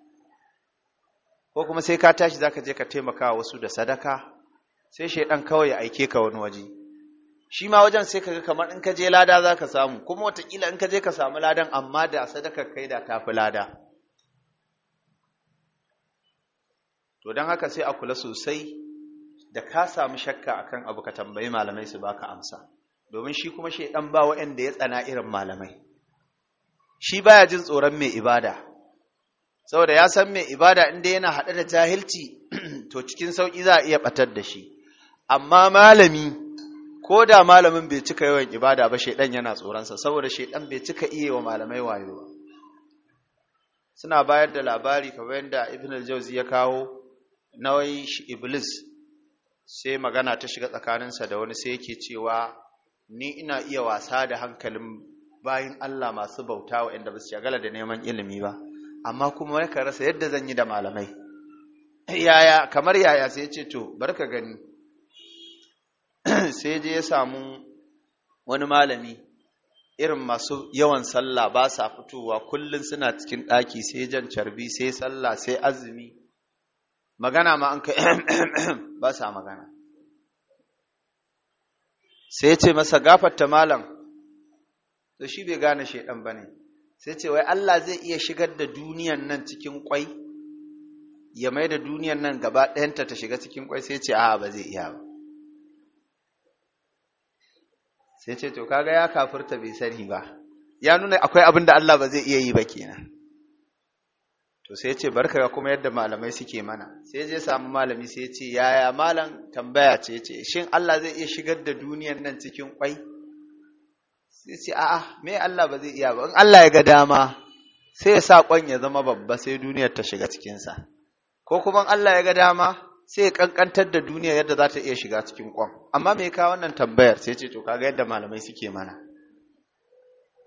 ko kuma sai ka tashi zaka je ka taimaka wasu da sadaka sai shaidan kawai ya aike ka wani waje shi ma wajen sai kaga kamar in ka je lada zaka samu kuma watakila in ka je ka samu ladan amma da sadakar kai da tafi lada to don haka sai a kula sosai da ka samu shakka akan abu ka tambayi malamai su baka amsa domin shi kuma shaidan ba waɗanda ya tsana irin malamai shi baya jin tsoron mai ibada saboda ya san mai ibada inda yana haɗe da jahilci [CLEARS THROAT] to cikin sauƙi za a iya ɓatar da shi amma malami ko da malamin bai cika yawan ibada ba shaidan yana tsoronsa saboda shaidan bai cika iya wa malamai wayo ba suna bayar da labari kamar yadda ibn al-jawzi ya kawo nawai shi iblis sai magana ta shiga tsakaninsa da wani sai yake cewa ni ina iya wasa da hankalin bayan Allah masu bauta wa inda ba su shagala da neman ilimi ba amma kuma yakan rasa yadda zan yi da malamai yaya kamar yaya sai ce to barka gani [CLEARS THROAT] sai je ya samu wani malami irin masu yawan sallah ba sa fitowa kullum suna cikin ɗaki sai jan carbi sai sallah sai azumi magana ma an kai [CLEARS THROAT] ba sa magana sai ya ce masa gafarta malam to shi bai gane shaidan ba ne sai ce wai Allah zai iya shigar da duniyan nan cikin kwai ya mai da duniyan nan gaba ɗayanta ta shiga cikin kwai sai ce a ba zai iya ba sai ce to kaga ya kafurta bai sani ba ya nuna akwai abin da Allah ba zai iya yi ba kenan to sai ce barka ga kuma yadda malamai suke mana sai je samu malami sai ce yaya malam tambaya ce ce shin Allah zai iya shigar da duniyan nan cikin kwai sai ce a'a me Allah ba zai iya ba in Allah ya ga dama sai ya sa kwan ya zama babba sai duniyar ta shiga cikinsa ko kuma in Allah ya ga dama sai ya kankantar da duniya yadda za ta iya shiga cikin kwan amma me ka wannan tambayar sai ce to kaga yadda malamai suke mana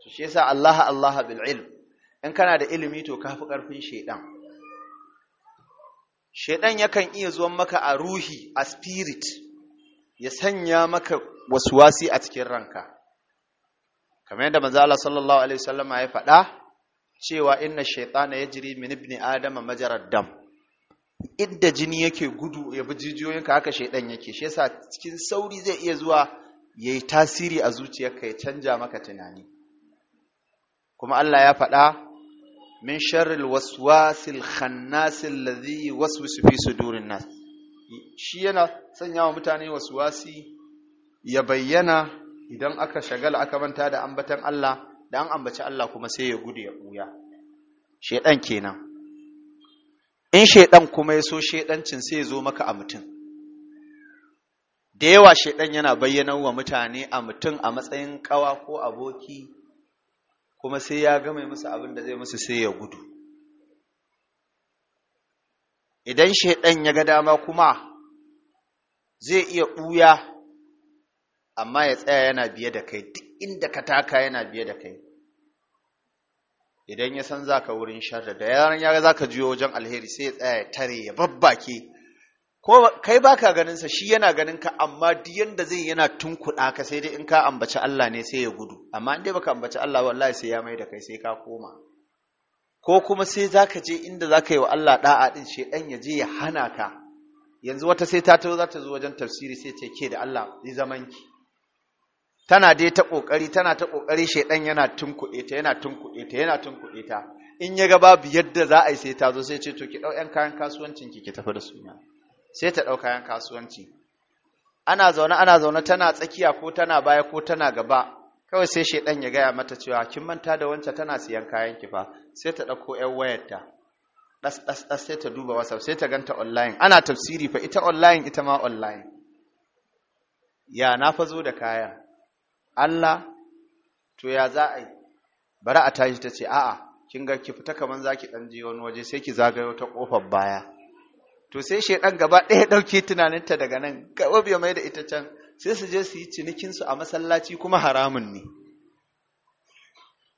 to shi yasa Allah Allah bil ilm in kana da ilimi to kafi karfin shedan shedan yakan iya zuwan maka a ruhi a spirit ya sanya maka wasu wasi a cikin ranka kamar yadda manzo Allah sallallahu alaihi wasallam ya faɗa cewa inna shaytana yajri min ibn adama majarar dam Inda jini yake gudu ya bi ka haka shaytan yake shi yasa cikin sauri zai iya zuwa yayi tasiri a zuciyarka ya canja maka tunani kuma Allah ya faɗa min sharril waswasil khannasil ladhi waswisu fi sudurin nas shi yana sanya wa mutane waswasi ya bayyana idan aka shagala aka manta da ambatan Allah da an ambaci Allah kuma sai ya gudu ya buya shedan kenan in shedan kuma ya so shedancin sai ya zo maka a mutum da yawa shedan yana bayyana wa mutane a mutum a matsayin kawa ko aboki kuma sai ya gama musu abin da zai musu sai ya gudu idan shedan ya ga dama kuma zai iya buya amma ya tsaya yana biye da kai duk inda ka taka yana biye da kai idan ya san za ka wurin sharri da yaran ya za ka juyo wajen alheri sai ya tsaya ya tare ya babbake ko kai baka ganin sa shi yana ganin ka amma duk yanda zai yana tunkuɗa ka sai dai in ka ambaci Allah ne sai ya gudu amma in dai baka ambaci Allah wallahi sai ya mai da kai sai ka koma ko kuma sai za ka je inda za ka yi wa Allah da'a din ɗan ya je ya hana ka yanzu wata sai ta tawo za ta zo wajen tafsiri sai ce ke da Allah yi zaman ki tana dai ta kokari tana ta kokari shedan yana tunkuɗe ta yana tunkuɗe ta yana tunkuɗe ta in ya ga babu yadda za a yi sai ta zo sai ce to ki ɗau ƴan kayan kasuwancin ki ki tafi da su sai ta ɗau kayan kasuwanci ana zaune ana zaune tana tsakiya ko tana baya ko tana gaba kawai sai shedan ya gaya mata cewa kin manta da wancan tana siyan kayan ki fa sai ta ɗauko ƴan wayarta ɗas ɗas ɗas sai ta duba whatsapp sai ta ganta online ana tafsiri fa ita online ita ma online ya na fa zo da kayan? Allah to ya za a yi bari a tashi ta ce a'a kin ga ki fita kaman zaki ɗan je wani waje sai ki zagayo ta ƙofar baya to sai ɗan gaba ɗaya ɗauki tunaninta daga nan gaba mai da ita can sai su je su yi cinikinsu a masallaci kuma haramun ne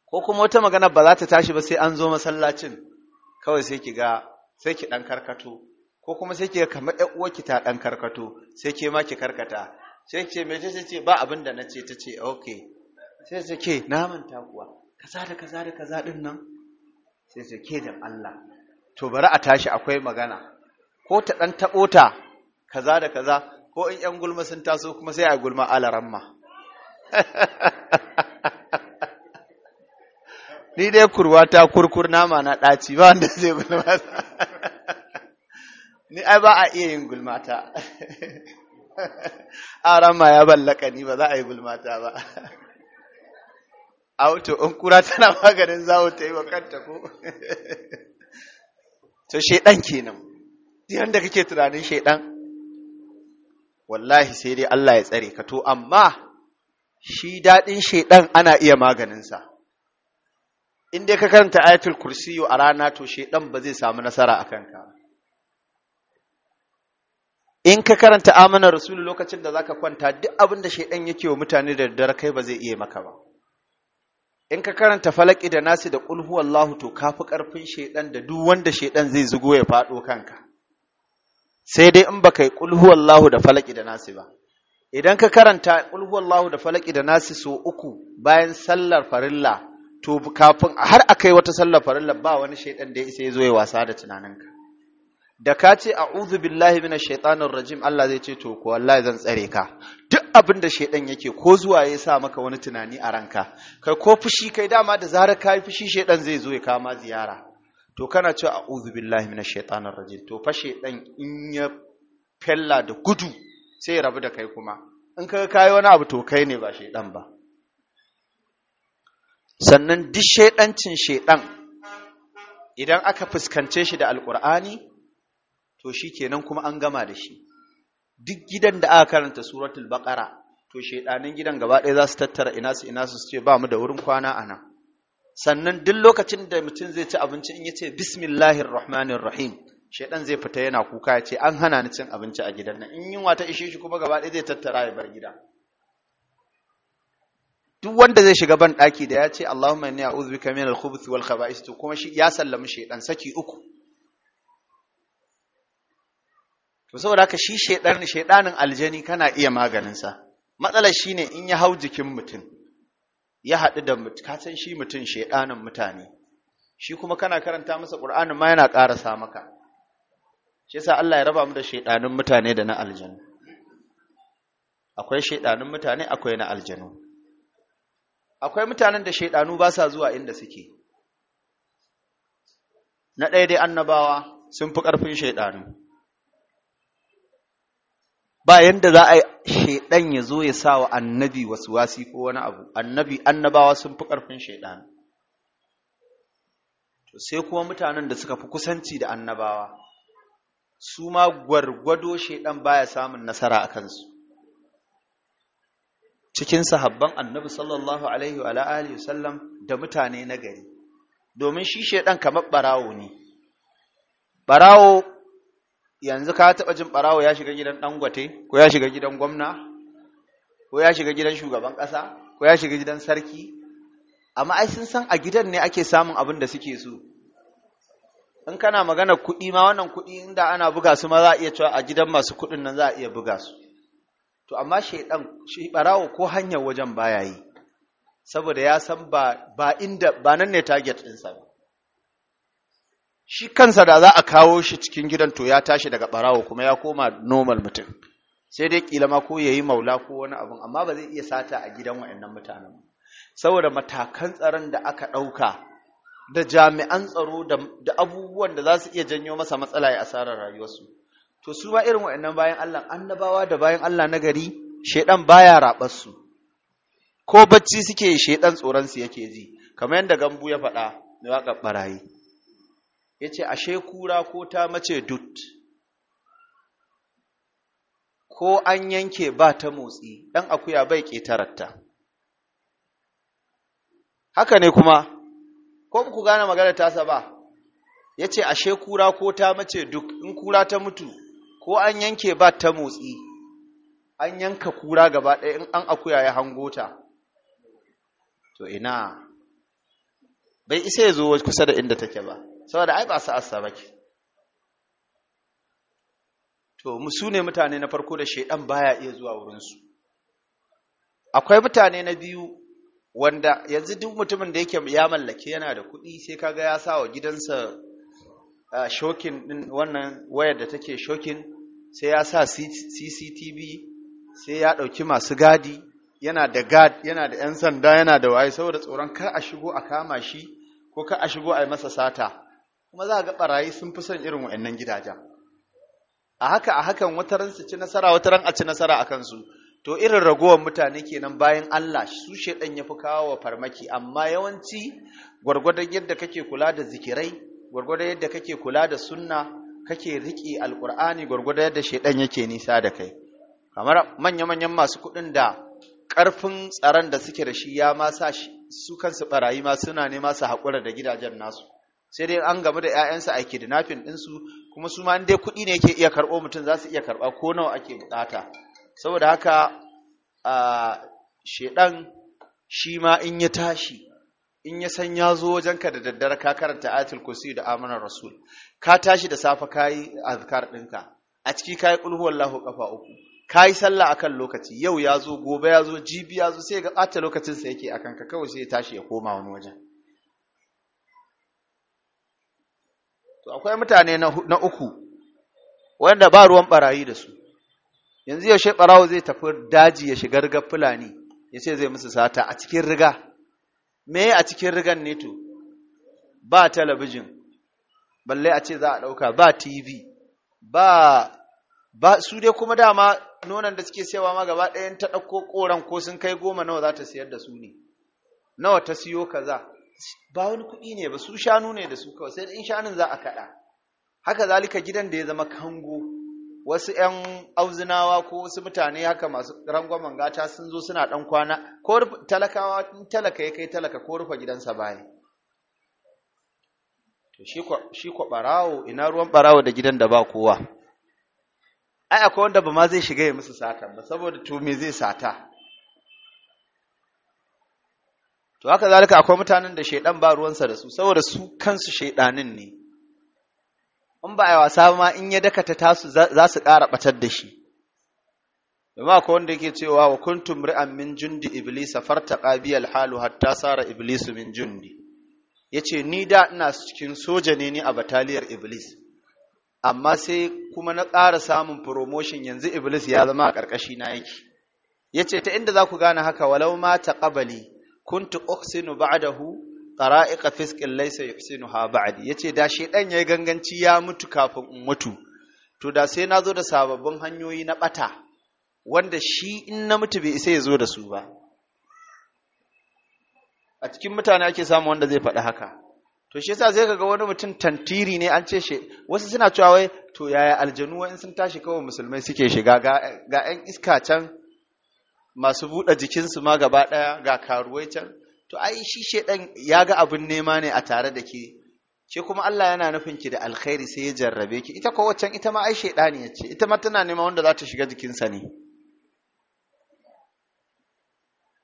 ko kuma wata magana ba za ta tashi ba sai an zo masallacin kawai sai ki ga sai ki ɗan karkato ko kuma sai ki ga kamar ƴan uwarki ta ɗan karkato sai ke ma ki karkata sai ce me ce ce ba abin da na ce ta ce okay sai ce ke namun ta kuwa kaza da kaza da kaza din nan sai ce ke da Allah to bari a tashi akwai magana ko ta dan tabo ta kaza da kaza ko in yan gulma sun taso kuma sai a gulma alaramma [LAUGHS] ni dai kurwa ta kurkur nama na ɗaci ba wanda zai gulma [LAUGHS] ni ai ba a iya yin gulmata [LAUGHS] aran ma ya ballaka ni ba za a yi gulmata ba a wato in kura tana maganin zawo ta yi wa kanta ko to shaidan kenan da kake tunanin shaidan wallahi sai dai Allah ya tsare ka to amma shi daɗin shaidan ana iya maganinsa in dai ka karanta ayatul kursiyu a rana to shaidan ba zai samu nasara a kanka in ka karanta amanar rasulu lokacin da zaka kwanta duk abin da shaidan yake wa mutane da daddare kai ba zai iya maka ba in ka karanta falaki da nasi da qul huwallahu to kafi karfin shaidan da duk wanda shaidan zai zugo ya faɗo kanka sai dai in baka yi qul huwallahu da falaki da nasi ba idan ka karanta qul huwallahu da falaki da nasi so uku bayan sallar farilla to kafin har kai wata sallar farilla ba wani shaidan da ya isa ya zo ya wasa da tunaninka da ka ce a'udhu billahi minash shaitanir rajim Allah zai ce to ko wallahi zan tsare ka duk abin da shaidan yake ko zuwa ya sa maka wani tunani a ranka kai ko fushi kai dama da zarar ka yi fushi shaidan zai zo ya kama ziyara to kana cewa a'udhu billahi minash shaitanir rajim to fa shaidan in ya fella da gudu sai ya rabu da kai kuma in ka kai wani abu to kai ne ba shaidan ba sannan duk shaidancin shaidan idan aka fuskance shi da alkur'ani to shi kenan kuma an gama da shi duk gidan da aka karanta suratul baqara to shedanin gidan gaba ɗaya za su tattara ina su ina su ce ba mu da wurin kwana a nan sannan duk lokacin da mutum zai ci abinci in ya ce bismillahir rahmanir rahim shedan zai fita yana kuka ya ce an hana ni cin abinci a gidan nan in yunwa ta ishe shi kuma gaba ɗaya zai tattara ya bar gida duk wanda zai shiga ban ɗaki da ya ce Allahumma inni a'udhu bika minal khubuthi wal khaba'is to kuma shi ya sallami shedan saki uku to saboda haka shi shedan shedanin aljani kana iya maganin sa matsalar ne in ya hau jikin mutum ya haɗu da mutum, ka san shi mutum shedanin mutane shi kuma kana karanta masa qur'anin ma yana ƙarasa maka shi yasa Allah ya raba mu da shedanin mutane da na aljanu akwai shedanin mutane akwai na aljanu akwai mutanen da shaidanu ba sa zuwa inda suke na ɗaya dai annabawa sun fi ƙarfin shaidanu ba yadda za a yi shaidan ya zo ya sa wa annabi wasu wasi ko wani abu annabi annabawa sun fi ƙarfin shaidan to sai kuma mutanen da suka fi kusanci da annabawa su ma gwargwado shaidan baya samun nasara a kansu cikin sahabban annabi sallallahu alaihi wa alihi wasallam da mutane na gari domin shi shaidan kamar barawo ne barawo yanzu ka taɓa jin ɓarawo ya shiga gidan ɗangwate ko ya shiga gidan gwamna ko ya shiga gidan shugaban ƙasa ko ya shiga gidan sarki amma ai sun san a gidan ne ake samun abin da suke so in kana magana kuɗi ma wannan kuɗi inda ana buga su ma za a iya cewa a gidan masu kuɗin nan za a iya buga su to amma shaidan shi ɓarawo ko hanyar wajen baya yi saboda ya san ba inda ba nan ne target ɗinsa ba shi kansa da za a kawo shi cikin gidan to ya tashi daga barawo kuma ya koma normal mutum sai dai kila ma ko yayi maula ko wani abu amma ba zai iya sata a gidan wayannan mutanen saboda matakan tsaron da aka dauka da jami'an tsaro da abubuwan da za su iya janyo masa matsala ya asarar rayuwarsu to su ma irin wayannan bayan Allah annabawa da bayan Allah na gari shedan baya rabar su ko bacci suke shedan tsoron su yake ji kamar yadda gambu ya faɗa ne waka barayi ya ce ashe kura ko ta mace dut ko an yanke ba ta motsi ɗan akuya bai ƙetararta haka ne kuma ko ku gane magana tasa ba ya ce ashe kura ko ta mace duk in kura ta mutu ko an yanke ba ta motsi an yanka kura gaba ɗaya in an akuya ya hango ta to ina bai isa ya zo kusa da inda take ba saboda ai ba su asa ba ke. to su ne mutane na farko da shaidan baya iya zuwa wurinsu akwai mutane na biyu wanda yanzu duk mutumin da yake ya mallake yana da kuɗi sai kaga ya sa wa gidansa ah, shokin din wannan wayar da take shokin sai ya sa CCTV sai ya ɗauki masu gadi yana da gad yana da 'yan sanda yana da waye saboda tsoron kar a shigo a kama shi ko kar a shigo a yi masa sata kuma za a ga ɓarayi sun fi son irin wa'annan gidajen a haka a hakan wata ran su ci nasara wata ran a ci nasara a kansu to irin ragowar mutane kenan bayan Allah su shedan ya fi kawo wa farmaki amma yawanci gwargwadon yadda kake kula da zikirai gwargwadon yadda kake kula da sunna kake riƙe alƙur'ani gwargwadon yadda shedan yake nisa da kai kamar manya-manyan masu kuɗin da ƙarfin tsaron da suke da shi ya ma sa su kansu ɓarayi ma suna nema su haƙura da gidajen nasu sai dai an gamu da 'ya'yansa a kidnapping ɗinsu kuma su ma dai kuɗi ne yake iya karɓo mutum za su iya karɓa ko nawa ake buƙata saboda haka a shedan shi ma in ya tashi in ya san ya zo wajenka da daddare ka karanta ayatul kursi da amanar rasul ka tashi da safe kayi azkar ɗinka a ciki kayi ƙulhuwar huwallahu kafa uku kayi sallah akan lokaci yau ya zo gobe ya zo jibi ya zo sai ga ɓata lokacin sa yake akan ka kawai sai ya tashi ya koma wani wajen akwai mutane na uku wanda ba ruwan barayi da su yanzu yaushe barawo zai tafi daji ya shiga riga fulani ya ce zai musu sata a cikin riga me a cikin rigan ne to ba talabijin balle a ce za a ɗauka ba tv ba ba su dai kuma dama nonon da suke sayawa ma gaba ɗayan ta ɗauko ƙoran ko sun kai goma nawa za ta siyar da su ne nawa ta siyo kaza ba wani kuɗi ne ba su shanu ne da su kawai sai in shanun za a kaɗa haka zalika gidan da ya zama kango wasu 'yan auzinawa ko wasu mutane haka masu rangwamen gata sun zo suna ɗan kwana ko talakawa in talaka ya kai talaka ko rufe gidansa baya to shi kwa ɓarawo ina ruwan ɓarawo da gidan da ba kowa ai akwai wanda ba ma zai shiga ya musu sata ba saboda to me zai sata to haka zalika akwai mutanen da shaidan ba ruwansa da su saboda su kansu shaidanin ne in ba a wasa ma in ya dakata tasu za su ƙara ɓatar da shi Dama ko wanda yake cewa wa kuntum ri'an min jundi iblis fartaqa bi halu ta sara iblis min jundi yace ni da ina cikin soja ne ni a bataliyar iblis amma sai kuma na ƙara samun promotion yanzu iblis ya zama a ƙarƙashi na yake yace ta inda za ku gane haka walau ma taqabali kuntu أحسن ba'dahu طرائق فسق ليس يحسنها بعد yace da شيطان yayi ganganci ya mutu kafin in mutu to da sai nazo da sababbin hanyoyi na bata wanda shi in na mutu bai isa ya zo da su ba a cikin mutane ake samu wanda zai faɗi haka to shi yasa zai kaga wani mutum tantiri ne an ce shi wasu suna cewa wai to yaya aljanu in sun tashi kawai musulmai suke shiga ga ga yan iska can masu buɗe jikinsu ma gaba ɗaya ga karuwai can to ai shi shedan ya ga abin nema ne a tare da ke ke kuma Allah yana nufin ki da alkhairi sai ya jarrabe ki ita ko ita ma ai shedani yace ita ma tana nema wanda za ta shiga jikinsa ne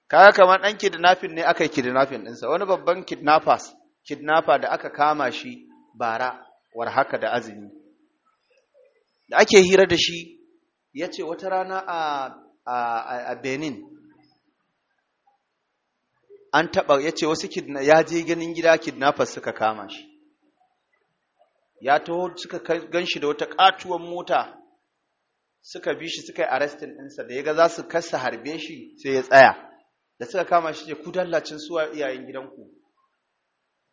kaga kamar ɗan kidnapping ne aka yi kidnapping ɗinsa wani babban kidnappers kidnapper da aka kama shi bara war haka da azumi da ake hira da shi yace wata rana a a benin an taɓa ya ce wasu ya je ganin gida kidnappers suka kama shi ya taho suka gan shi da wata ƙatuwar mota suka bi shi suka yi arrestin ɗinsa da ya ga za su kasa harbe shi sai ya tsaya da suka kama shi ce ku dallacin suwa iyayen gidanku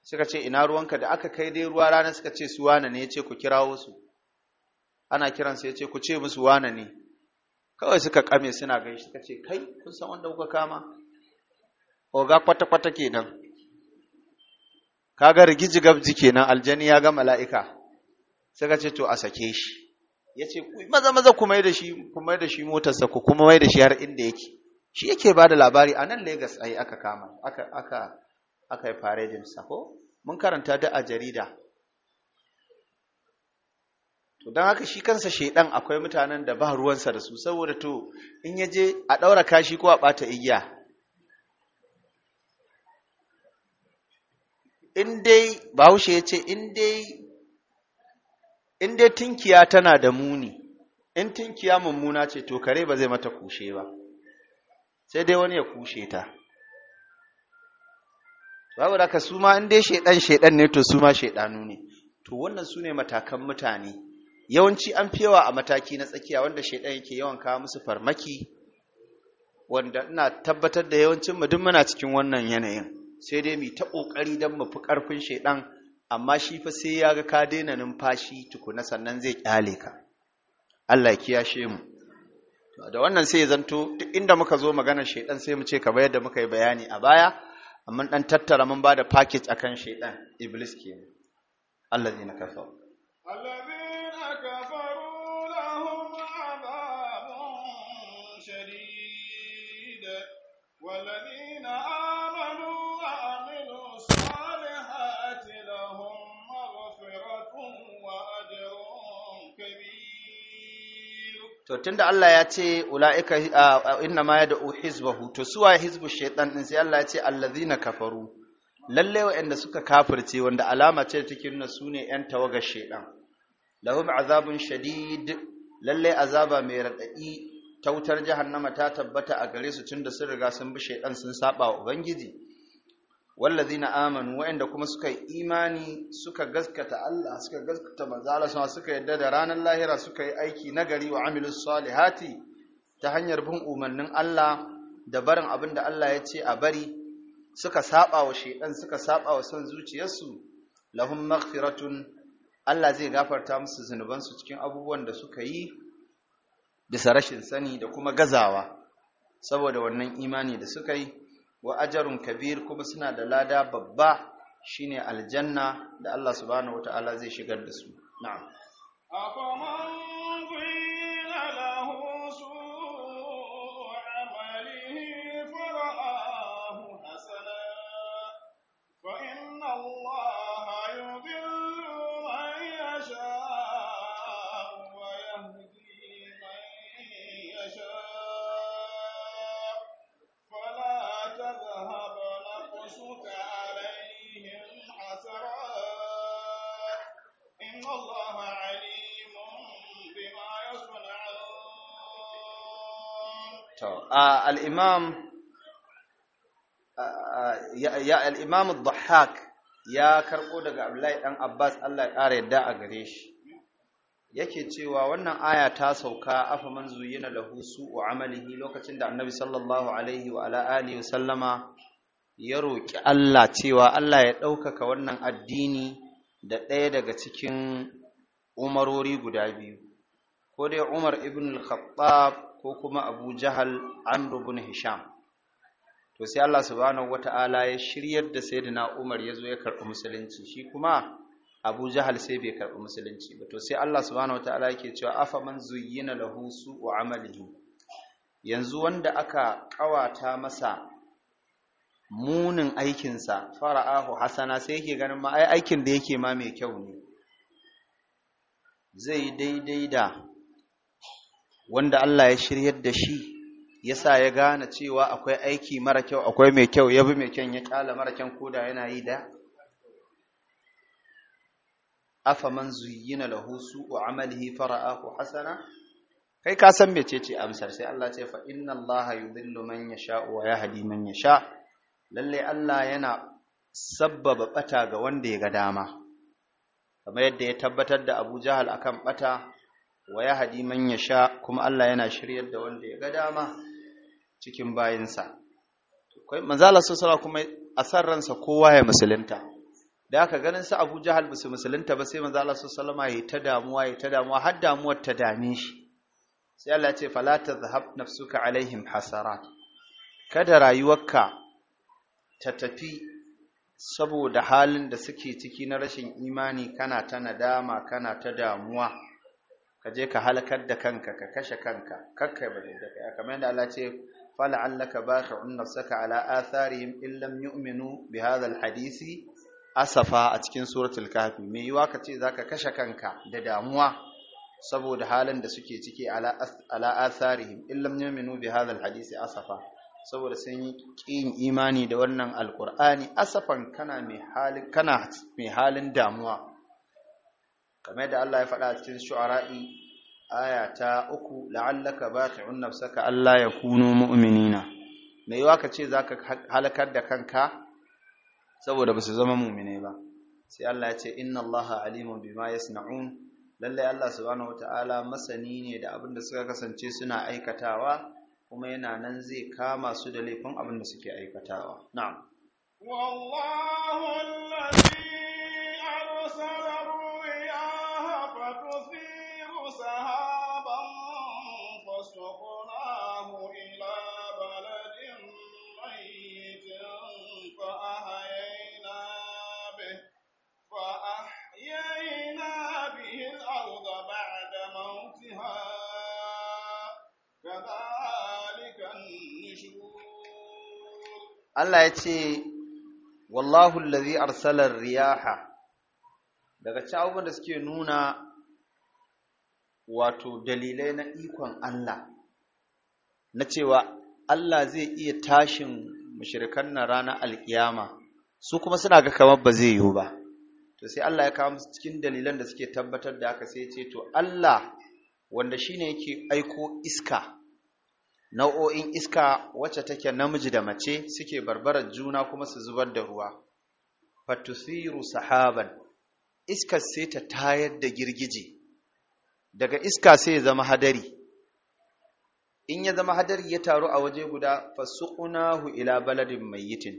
suka ce ina ruwanka da aka kai dai ruwa rana suka ce su wane ne ya ce ku kirawo su ana kiransa ya ce ku ce musu wane ne kawai suka kame suna gani suka ce kai kun san wanda kuka kama oga kwata-kwata kenan kaga rigiji gabji kenan aljani ya ga mala'ika suka ce to a sake shi ya ce maza maza ku mai da shi ku mai da shi motarsa ku kuma mai da shi har inda yake shi yake ba da labari a nan Legas ai aka kama aka aka aka yi farejin sa ko mun karanta da a jarida to don haka shi kansa shaidan akwai mutanen da ba ruwansa da su saboda to in ya je a ɗaura kashi ko a ɓata igiya in dai bahaushe ya ce in dai tinkiya tana da muni in tinkiya mummuna ce to kare ba zai mata kushe ba sai dai wani ya kushe ta babu da ka suma in dai shaidan shaidan ne to suma shaidanu ne to wannan su ne matakan mutane yawanci an fi yawa a mataki na tsakiya wanda shaidan yake yawan kawo musu farmaki wanda ina tabbatar da yawancin mu duk muna cikin wannan yanayin sai dai mu ta kokari dan mu fi karfin shaidan amma shi fa sai ya ga ka daina numfashi tukuna sannan zai kyale ka Allah ya kiyashe mu da wannan sai ya zanto duk inda muka zo maganar shaidan sai mu ce ka bayar da muka yi bayani a baya amma dan tattara mun bada package akan shaidan iblis kenan kafa Allah allazina to tunda Allah ya ce ula'ika inna ma yad'u hizbahu to suwa hizbu shaytan din sai Allah ya ce allazina kafaru lalle wa'anda suka kafirce wanda alama ce take nuna sune yan tawagar shaytan lahum azabun shadid lalle azaba mai radadi tautar jahannama ta tabbata a gare su tunda sun riga sun bi shaytan sun saba wa ubangiji wallazina amanu wa'anda kuma suka yi imani suka gaskata Allah suka gaskata manzala Allah suka yadda da ranar lahira suka yi aiki nagari wa amilus salihati ta hanyar bin umarnin Allah da barin abin da Allah ya ce a bari suka saba wa shedan suka saba wa son zuciyarsu lahum maghfiratun Allah zai gafarta musu zunubansu cikin abubuwan da suka yi bisa rashin sani da kuma gazawa saboda wannan imani da suka yi wa ajarun kabir kuma suna da lada babba shine aljanna da Allah subhanahu wataala zai shigar da su na'am al'imam ya al ya karɓo daga Abdullahi ɗan Abbas Allah ya ƙara yadda a gare shi yake cewa wannan aya ta sauka afa man zuyina lahu su'u amalihi lokacin da annabi sallallahu alaihi wa ala alihi sallama ya roki Allah cewa Allah ya ɗaukaka wannan addini da ɗaya daga cikin umarori guda biyu ko dai Umar ibn al-Khattab ko kuma abu jahal bin hisham to sai Allah subhanahu wata'ala ya shiryar da sayyidina Umar ya zo ya karɓi musulunci shi kuma Abu Jahal sai bai karɓi musulunci ba to sai Allah subhanahu wata'ala yake cewa afa man zuyyina lahu su'u amalihi yanzu wanda aka kawata masa munin aikinsa fara'ahu hasana sai yake ganin ma ai aikin da yake ma mai kyau ne zai daidai da wanda Allah ya shiryar da shi ya sa ya gane cewa akwai aiki mara kyau akwai mai kyau ya bi mai kyan ya kala mara kyan koda yana yi da afa man zuyyina lahu su'u amalihi fara'ahu hasana kai ka san mecece amsar sai Allah ce fa inna Allah yudhillu man yasha wa yahdi man yasha lalle Allah yana sabbaba bata ga wanda ya ga dama kamar yadda ya tabbatar da Abu Jahal akan bata wa ya hadi man ya sha kuma Allah yana shiryar da wanda ya ga dama cikin bayinsa manzala sosara kuma a san ransa kowa ya musulunta da aka ganin su abu jahal ba musulunta ba sai manzala sosara ya ta damuwa ya ta damuwa har damuwar ta dame shi sai Allah ce fala ta zahab nafsuka alaihim hasara kada rayuwarka ta tafi saboda halin da suke ciki na rashin imani kana ta nadama kana ta damuwa ka je ka halakar da kanka ka kashe kanka kakkai ba da kai kamar yadda Allah ce fala'allaka bakhi'un nafsaka ala atharihim in yu'minu bi hadha alhadisi asafa a cikin suratul kafi me yiwa ka ce zaka kashe kanka da damuwa saboda halin da suke ciki ala ala atharihim in yu'minu bi hadha alhadisi asafa saboda sun yi kin imani da wannan alqur'ani asafan kana halin kana mai halin damuwa kamar da Allah ya faɗa a cikin shu'ara'i aya ta uku la'allaka baqi'un nafsaka Allah ya kunu mu'minina me yawa kace ce ka halakar da kanka saboda basu zama mu'mine ba sai Allah ya ce inna Allaha alimun bima yasna'un lallai Allah subhanahu wata'ala masani ne da abin da suka kasance suna aikatawa kuma yana nan zai kama su da laifin abin da suke aikatawa na'am Allah ya ce wallahu allazi arsalar riyaha daga ci da suke nuna wato dalilai na ikon Allah na cewa Allah zai iya tashin mushrikan na ranar alkiyama su kuma suna ga kamar ba zai yiwu ba to sai Allah ya kawo cikin dalilan da suke tabbatar da haka sai ya ce to Allah wanda shine yake aiko iska nau'o'in iska wacce take namiji da mace suke barbarar juna kuma su zubar da ruwa fatusiru sahaban iskar sai ta tayar da girgije daga iska sai ya zama hadari in ya zama hadari ya taru a waje guda fasuqunahu ila baladin mayyitin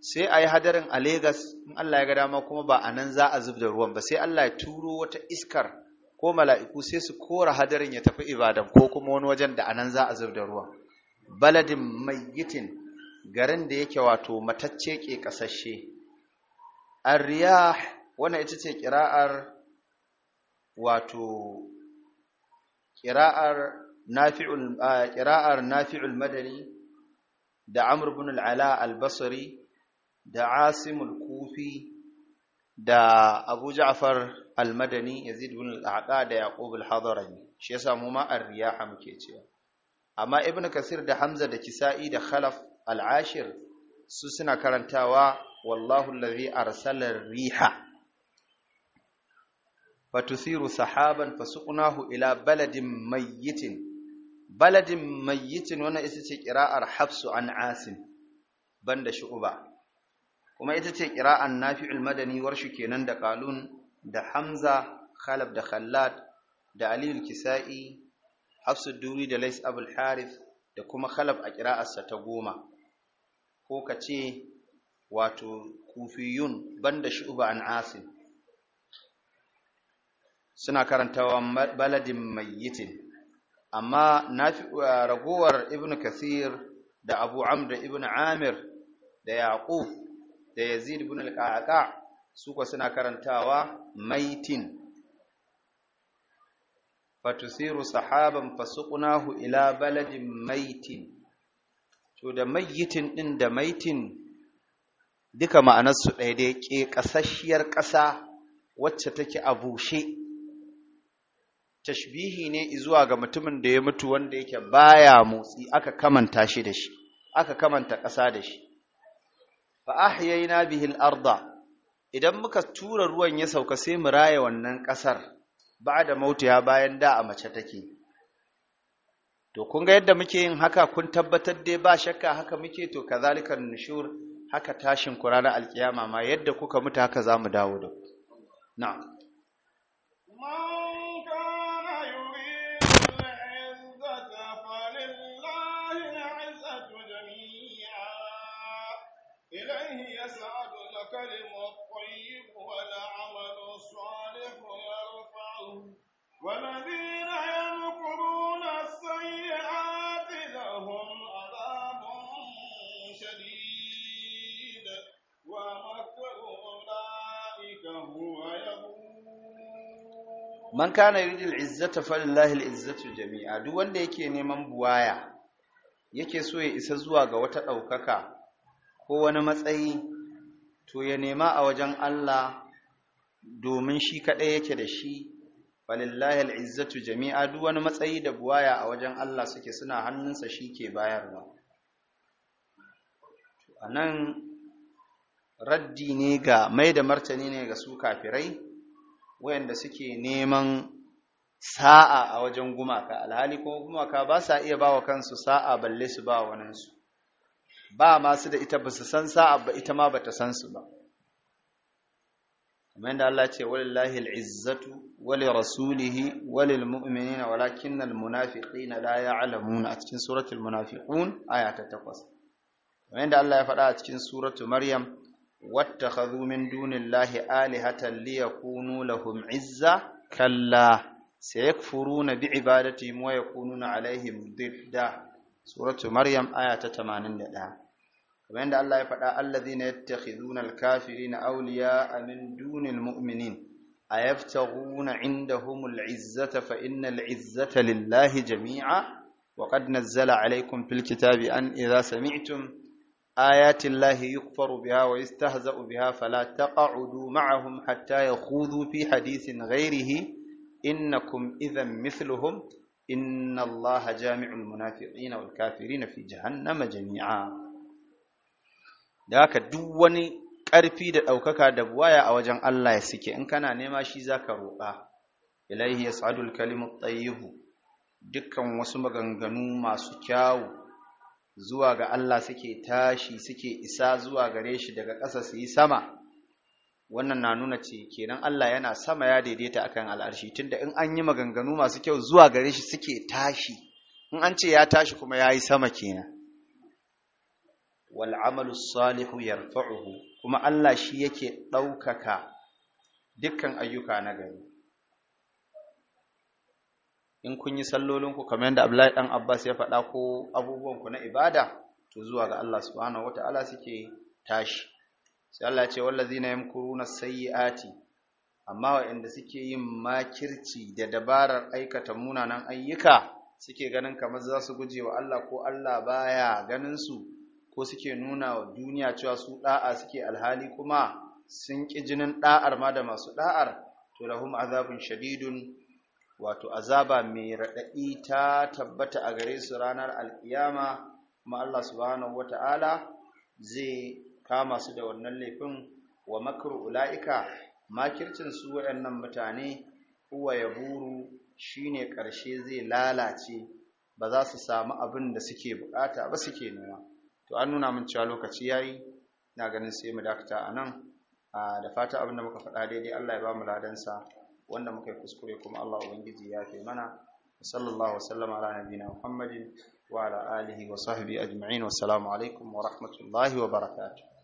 sai ayi hadarin a Legas in Allah ya ga dama kuma ba anan za a zubar da ruwan ba sai Allah ya turo wata iskar ko mala'iku sai su kora hadarin ya tafi ibadan ko kuma wani wajen da anan za a zub da ruwa baladin mai mayyitin garin da yake wato matacce ke kasashe riya wannan ita ce kira'ar wato kira'ar nafi'ul kira'ar madani da amr ibn al-ala al-basri da asimul kufi da Abu Ja'far al-Madani Yazid ibn al da Yaqub al-Hadarani shi yasa mu ma ar-riyaha muke cewa amma Ibn Kasir da Hamza da Kisa'i da Khalaf al-Ashir su suna karantawa wallahu allazi arsala ar-riha fatusiru sahaban fasuqnahu ila baladin mayyitin baladin mayyitin wannan ita ce qira'ar Hafsu an Asim banda Shu'ba kuma ita ce ƙira'an nafi'ul madani warshi kenan da kalun da hamza khalaf da khallad da aliyul kisa'i hafsu duri da lais abul harith da kuma khalaf a ƙira'arsa ta goma ko ka ce wato kufiyun banda shu'ba an asin suna karantawa baladin mai mayyitin amma ragowar ibn Kathir da abu amr ibn amir da yaqub da Yazid ibn al-Qa'qa su ko suna karantawa maitin fatusiru sahaban fasuqnahu ila baladin maitin to da mayitin din da maitin duka ma'anarsu ɗaya dai ke ƙasasshiyar ƙasa wacce take a bushe tashbihi ne zuwa ga mutumin da ya mutu wanda yake baya motsi aka kamanta shi da shi aka kamanta ƙasa da shi fa ahyayna bihi al-arda idan muka tura ruwan ya sauka sai mu raye wannan ƙasar kasar da mautiya bayan da a mace take to kun ga yadda muke yin haka kun tabbatar dai ba shakka haka muke to kazalika nushur haka tashin ku ranar alkiyama ma yadda kuka mutu haka zamu dawo da ku na'am الكلم الطيب والعمل الصالح يرفعه والذين يمكرون السيئات izzata jami'a duk wanda yake neman buwaya yake so ya isa zuwa ga wata ɗaukaka ko wani matsayi to ya nema a wajen Allah domin shi kaɗai yake da shi walillahi al'izzatu jami'a duk wani matsayi da buwaya a wajen Allah suke suna hannunsa shi ke bayarwa a nan raddi ne ga mai da martani ne ga su kafirai wayanda suke neman sa'a a wajen gumaka alhali kuma gumaka ba sa iya ba wa kansu sa'a balle su ba waninsu ba masu da ita ba su san sa'a ba ita ma ba ta san su ba kamar yadda Allah ce walillahi al'izzatu wali rasulihi wali mu'minina walakin almunafiqina la ya'lamuna a cikin suratul munafiqun aya ta takwas. kamar yadda Allah ya faɗa a cikin suratul maryam wattakhadhu min dunillahi alihatan liyakunu lahum izza kalla sayakfuruna bi'ibadatihim wa yakununa alaihim didda suratu maryam aya ta 81 وعند الله يفعل الذين يتخذون الكافرين أولياء من دون المؤمنين أيفتغون عندهم العزة فإن العزة لله جميعا وقد نزل عليكم في الكتاب أن إذا سمعتم آيات الله يكفر بها ويستهزأ بها فلا تقعدوا معهم حتى يخوضوا في حديث غيره إنكم إذا مثلهم إن الله جامع المنافقين والكافرين في جهنم جميعاً da haka duk wani ƙarfi da ɗaukaka da buwaya a wajen Allah ya suke in kana nema shi za ka roƙa ilaihi yas'adul kalimut tayyibu dukkan wasu maganganu masu kyawu zuwa ga Allah suke tashi suke isa zuwa gare shi daga ƙasa su yi sama wannan na nuna ce kenan Allah yana sama ya daidaita akan al'arshi tunda in an yi maganganu masu kyau zuwa gare shi suke tashi in an ce ya tashi kuma ya yi sama kenan wal amalu salihu yarfa'uhu kuma Allah shi yake ɗaukaka dukkan ayyuka na gari in kun yi sallolinku kamar yadda Abdullahi dan Abbas ya faɗa ko abubuwanku na ibada to zuwa ga Allah subhanahu wata'ala suke tashi sai Allah ya ce wallazina yamkuruna sayi'ati amma waɗanda suke yin makirci da dabarar aikata munanan ayyuka suke ganin kamar za su guje wa Allah ko Allah baya ganin su ko suke nuna wa duniya cewa su da'a suke alhali kuma sun ƙi jinin da'ar ma da masu da'ar to lahum azabun shadidun wato azaba mai raɗaɗi ta tabbata a gare su ranar alƙiyama kuma Allah subhanahu wata'ala zai kama su da wannan laifin wa makru ula'ika makircin su waɗannan mutane Uwaya ya buru shine ƙarshe zai lalace ba za su samu abin da suke bukata ba suke nema to an nuna min cewa lokaci yayi na ganin sai mu dakata a nan da fata abin da muka faɗa daidai Allah ya ba mu ladansa wanda muka yi kuskure kuma Allah ubangiji ya fi mana sallallahu wasallama ala nabiyina muhammadin wa ala alihi wa sahbihi ajma'in wassalamu alaikum wa rahmatullahi wa barakatuh